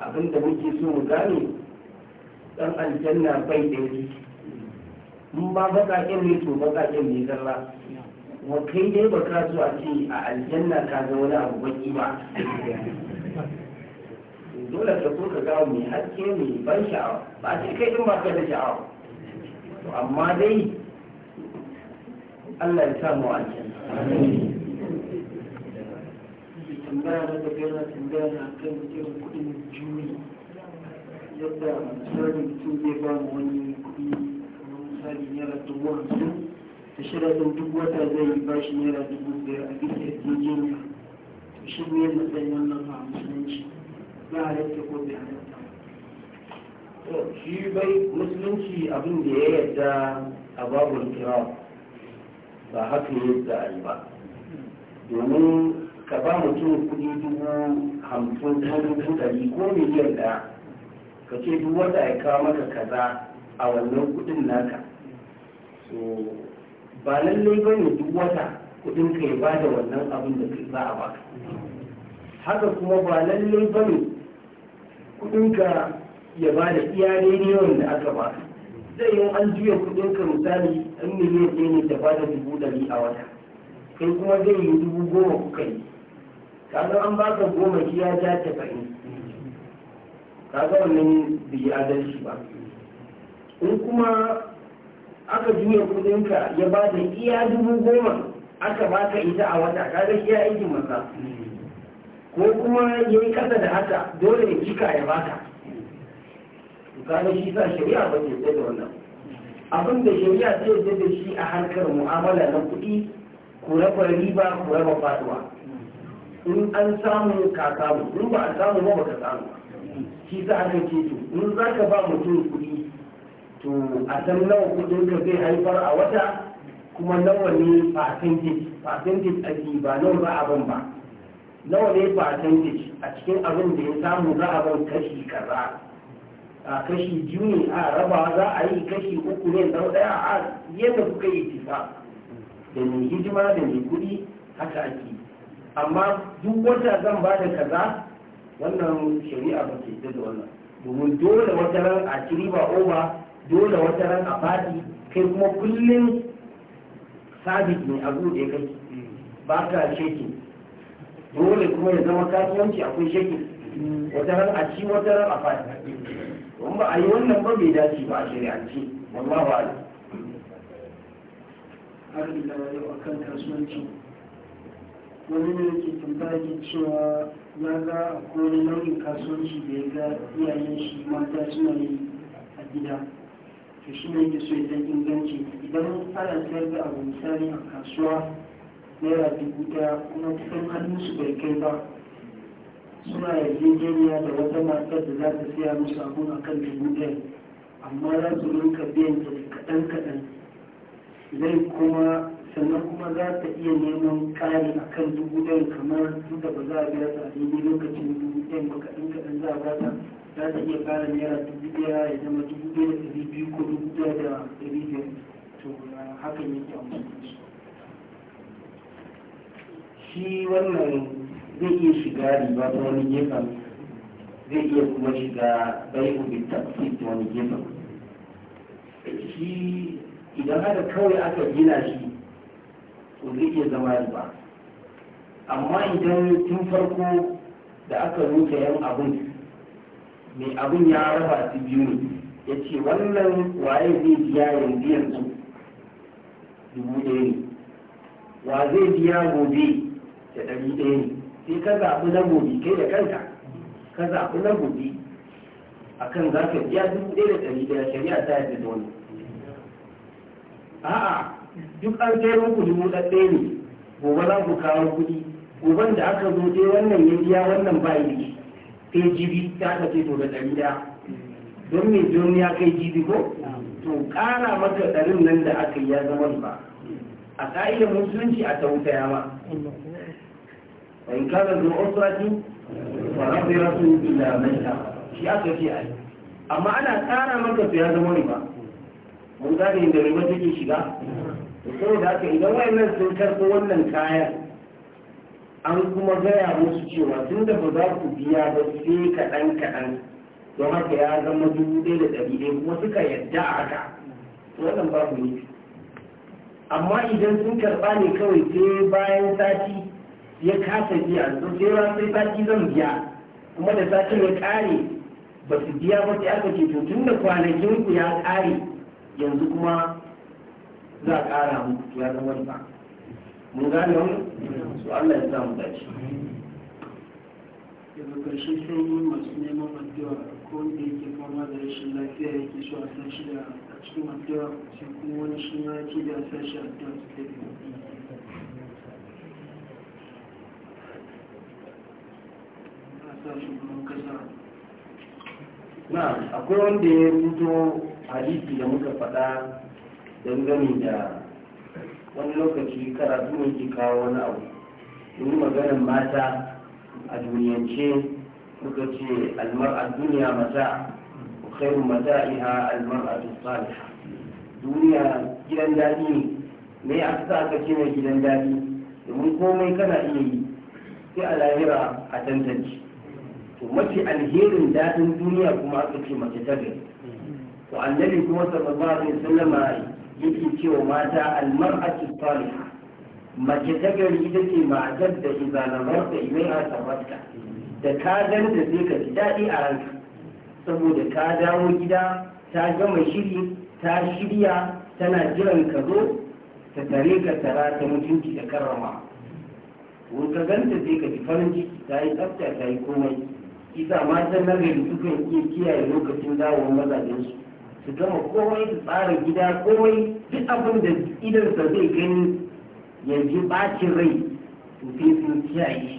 abin da muke so mu gane dan aljanna bai da yi in ba baƙaƙen ne to baƙaƙen ne zalla wa kai dai ba ka zuwa ce a aljanna ka ga wani abu baki ba dole ka so ka ga mai haske ne ban sha'awa ba ce kai din ba ka da sha'awa to amma dai Allah ya sa mu aljanna tambaya na da na tambaya na kan kudin juri yadda misali mutum zai ba mu wani kuɗi kamar misali naira dubu hamsin shirya shiraɗin duk wata zai yi bashi naira dubu biyar a bisa yarjejeniya to shi ne matsayin wannan a musulunci ba halatta ko bai halatta shi bai musulunci abin da ya yadda a babu kira ba haka yadda da yi ba domin ka ba mutum kuɗi dubu hamsin ko dubu ɗari ko miliyan ɗaya ka ce duk wanda ya kawo maka kaza a wannan kudin naka so ba lallai ba ne duk wata kudin ka ya bada wannan abin da za a baka haka kuma ba lallai ba ne kudin ka ya bada iya daidai da aka baka zai yi an juya kudin ka misali an miliyan ɗaya ne da bada dubu ɗari a wata kai kuma zai yi dubu goma kuka yi kaga an baka goma shi ya ja tafa'in ta wannan bai yi adalci ba in kuma aka juya kudinka ya ba da iya dubu goma aka baka ita a wata ka ga ya aikin masa ko kuma ya yi kasa da haka dole ya cika ya baka ka kaga shi sa shari'a ba ta da wannan abin da shari'a ta da shi a harkar mu'amala na kuɗi ku raba riba ku raba faduwa in an samu ka in ba a samu ba ba ka samu shi za a ke to in za ka ba mutum kuɗi to a san nawa kuɗin ka zai haifar a wata kuma nawa ne percentage percentage ke ba nawa za a ban ba nawa ne percentage a cikin abin da ya samu za a ban kashi kaza a kashi biyu ne a raba za a yi kashi uku ne sau ɗaya a yadda kuka yi tifa da mai hijima da mai kuɗi haka ake amma duk wata zan ba da kaza wannan shari'a ba ke da wannan domin dole wata ran a ba o oba dole wata ran a fadi kai kuma kullum sabit ne a buɗe kai ba ka shekin dole kuma ya zama kasuwanci akwai shekin wata ran a ci wata ran a fadi don ba a yi wannan ba bai dace ba a shari'ance wallahu a'lam har da yau akan kasuwanci wani ne ke tambaya cewa ya ga wani nau'in kasuwanci da ya ga iyayen shi mata suna yi a gida to shi ne ke so ya inganci idan ana sayar da abu misali a kasuwa naira dubu daya kuma kusan hannun su bai kai ba suna yarjejeniya da wata matar da za ta siya musu abun a kan dubu daya amma za su rinka biyan ta kaɗan-kaɗan zai kuma sannan kuma za ta iya neman ƙari a kan dubu ɗan kamar duka da ba za a biya ta ne lokacin dubu ɗan ba kaɗan kaɗan za a ba ta za ta iya fara naira dubu ɗaya ya zama dubu ɗaya da ɗari biyu ko dubu ɗaya da ɗari biyar to hakan yake amfani shi wannan zai iya shiga riba ta wani gefen zai iya kuma shiga bai ubin tafsir ta wani gefen shi idan haka kawai aka gina shi to zai iya zama riba amma idan tun farko da aka rufe yan abun mai abin ya raba su biyu ne ya ce wannan waye zai biya yanzu yanzu dubu ɗaya ne wa zai biya gobe da ɗari ɗaya ne sai ka zaɓi na gobe kai da kanka ka zaɓi na gobe kan za ka biya dubu ɗaya da ɗari ɗaya shari'a ta yi da wani a'a duk an kai muku dubu ɗaɗɗe ne gobe za ku kawo kuɗi goben da aka zo sai wannan ya biya wannan ba yi sai jibi ta aka ce to da ɗari da don me don ya kai jibi ko to ƙara maka ɗarin nan da aka yi ya zama ba a ƙa'idar musulunci a tausaya ma in kana ba osrati fa rabbi rasul ila maita shi aka ce yi, amma ana ƙara maka su ya zama ba mun gane inda riba take shiga saboda haka idan wayannan sun karɓi wannan kayan an kuma gaya musu cewa tun da ba za ku biya ba sai kaɗan kaɗan don haka ya zama dubu ɗaya da ɗari ɗaya kuma suka yadda a haka wannan ba ku ne amma idan sun karɓa ne kawai sai bayan sati ya kasa biya to sai ran sai sati zan biya kuma da sati ya ƙare ba su biya ba sai aka ce to tun da kwanakin ku ya ƙare yanzu kuma za a kara muku ya zama wani ba mun gane wani su Allah ya samu dace daga ƙarshe sai yi masu neman addu'a ko wanda yake fama da rashin lafiya yake so a san shi da a cikin addu'a sai kuma wani shi ma yake da a san shi addu'a su kai na akwai wanda ya fito hadisi da muka faɗa dangane da wani lokaci karatu ne ke kawo wani abu yi maganin mata a duniyance muka ce almarar duniya mata khairu mata'iha almar'atu salihah duniya gidan daɗi ne me a sa aka ce mai gidan daɗi domin komai kana iya yi sai a lahira a tantance to mafi alherin daɗin duniya kuma aka ce mace ta gari to annabi kuma sallallahu alaihi wasallama yake cewa mata almar'atu salihah mace ta gari ita ce matar da iza da imai a samarta da ka gani da zai ka daɗi a ranka saboda ka dawo gida ta gama shiri ta shirya tana jiran ka zo ta tare ka tara ta mutunci da karrama wani ka ganta zai ka ji farin ciki ta yi tsafta ta yi komai isa matan nagari sukan iya kiyaye lokacin dawowar mazajensu su gama komai su tsara gida komai duk abin da idansa zai gani yanzu bakin bacin rai su sai sun kiyaye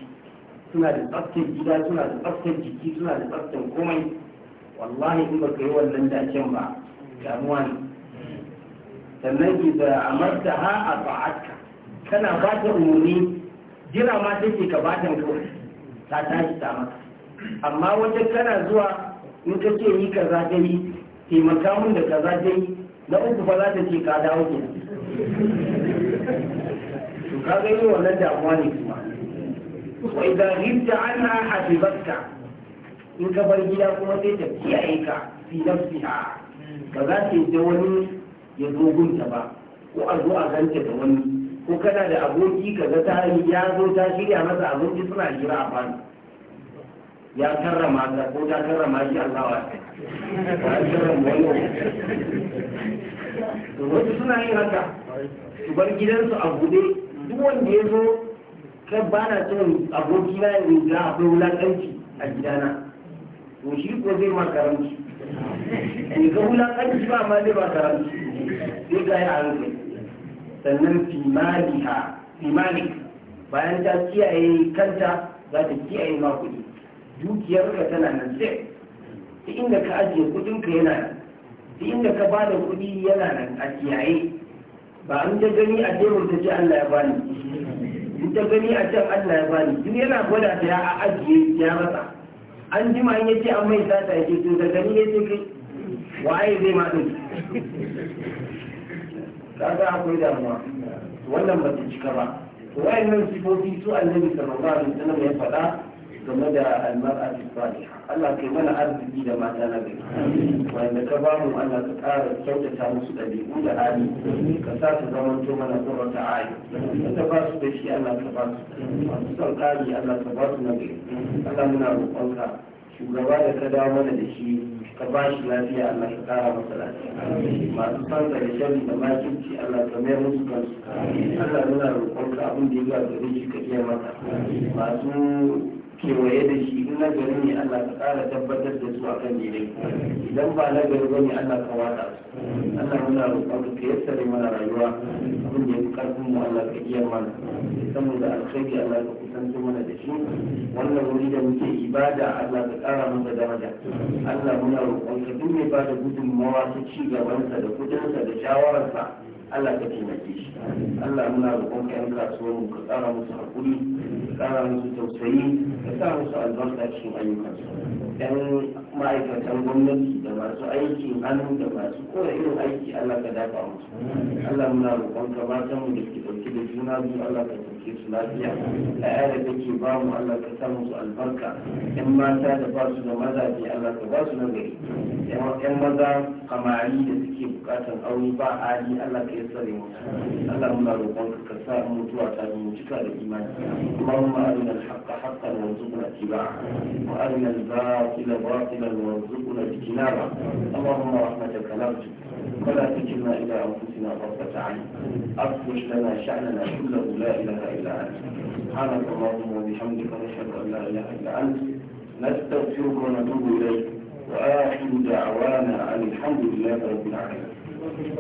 suna da tsaftar gida suna da tsaftar jiki suna da tsaftar komai wallahi in baka yi wannan dacen ba damuwa ne sannan ki da amarta ha a kana ba ta umarni jira ma take ka ba ta kawai ta tashi ta maka amma wajen kana zuwa in ka ce yi kaza ta yi taimaka min da kaza dai na uku fa za ta ce ka dawo ke to ka ga yi wannan damuwa ne kuma wa idan ribta anha hafizatka in ka bar gida kuma sai ta kiyaye ka fi nafsiha ba za ta yi wani ya zo ba ko a zo a ganta da wani ko kana da aboki ka ga ta ya zo ta shirya masa abinci suna jira a bani ya karrama ta ko ta karrama shi Allah wa ta karrama wani to wasu suna yin haka su bar gidansu a buɗe duk wanda ya zo kai ba na son na ya ga akwai wulaƙanci a gidana to shi ko zai ma karanci ne ga wulaƙanci ba ma zai ba karanci sai ga ya hankali sannan fimaliha fimalik bayan ta kiyaye kanta za ta kiyaye ma kuɗi ka tana nan sai ta inda ka ajiye kudinka yana nan duk inda ka ba da kudi yana nan a kiyaye ba an ta gani a tebur ta ce Allah ya bani in ta gani a can Allah ya bani duk yana gwada ta ya a ajiye ya matsa an jima in yace an mai sata ya ce to da gani ya ce kai waye zai ma ɗin kaga akwai damuwa wannan ba ta cika ba wayannan sifofi su annabi sallallahu alaihi wasallam ya faɗa game da almar'a salih Allah kai mana arziki da mata na gari wanda ka ba mu Allah ka ƙara kyautata musu ɗabi'u da hali ka sa su zama to mana ta ayi ka ta ba su da shi Allah ka ba su masu son ana Allah ka ba su na gari Allah muna roƙonka shugaba da ka dawo mana da shi ka ba shi lafiya Allah ka kara masa lafiya masu fanta da shari da makinci Allah ka mai musu kansu Allah nuna roƙonka abin da ya ga gare shi ka iya mata masu kewaye da shi in nagari ne Allah ka ƙara tabbatar da su a kan daidai idan ba na gari ba ne Allah ka wata su Allah muna roƙon ka yassare mana rayuwa abin da ya fi mu Allah ka iya mana da alkhairi Allah ka kusanto mana da shi wannan wuri da muke ibada Allah ka ƙara masa daraja Allah muna roƙon ka duk mai ba da gudunmawa ta ci gabansa da kudinsa da shawararsa Allah ka taimake shi Allah muna roƙon ka 'yan kasuwar mu ka ƙara musu haƙuri ka kara musu tausayi ka sa musu albarka cikin ayyukansu yan ma'aikatan gwamnati da masu aikin hannu da masu kowa irin aiki Allah ka dafa musu Allah muna roƙon ka matan mu da ke dauke da juna biyu Allah ka dauke su lafiya da ya da kake ba mu Allah ka sa musu albarka yan mata da ba su da mazaje Allah ka ba su nagari yan maza kamari da suke bukatan aure ba hali Allah ka yassare musu Allah muna roƙon ka sa mutuwa ta mu cika da imani اللهم أرنا الحق حقا وارزقنا اتباعه وأرنا الباطل باطلا باطلا وارزقنا اجتنابه اللهم رحمتك نرجو ولا تجلنا إلى أنفسنا طرفة عين أصلح لنا شأننا كله لا إله إلا أنت سبحانك اللهم وبحمدك نشهد أن لا إله إلا أنت نستغفرك ونتوب إليك وآخر دعوانا أن الحمد لله رب العالمين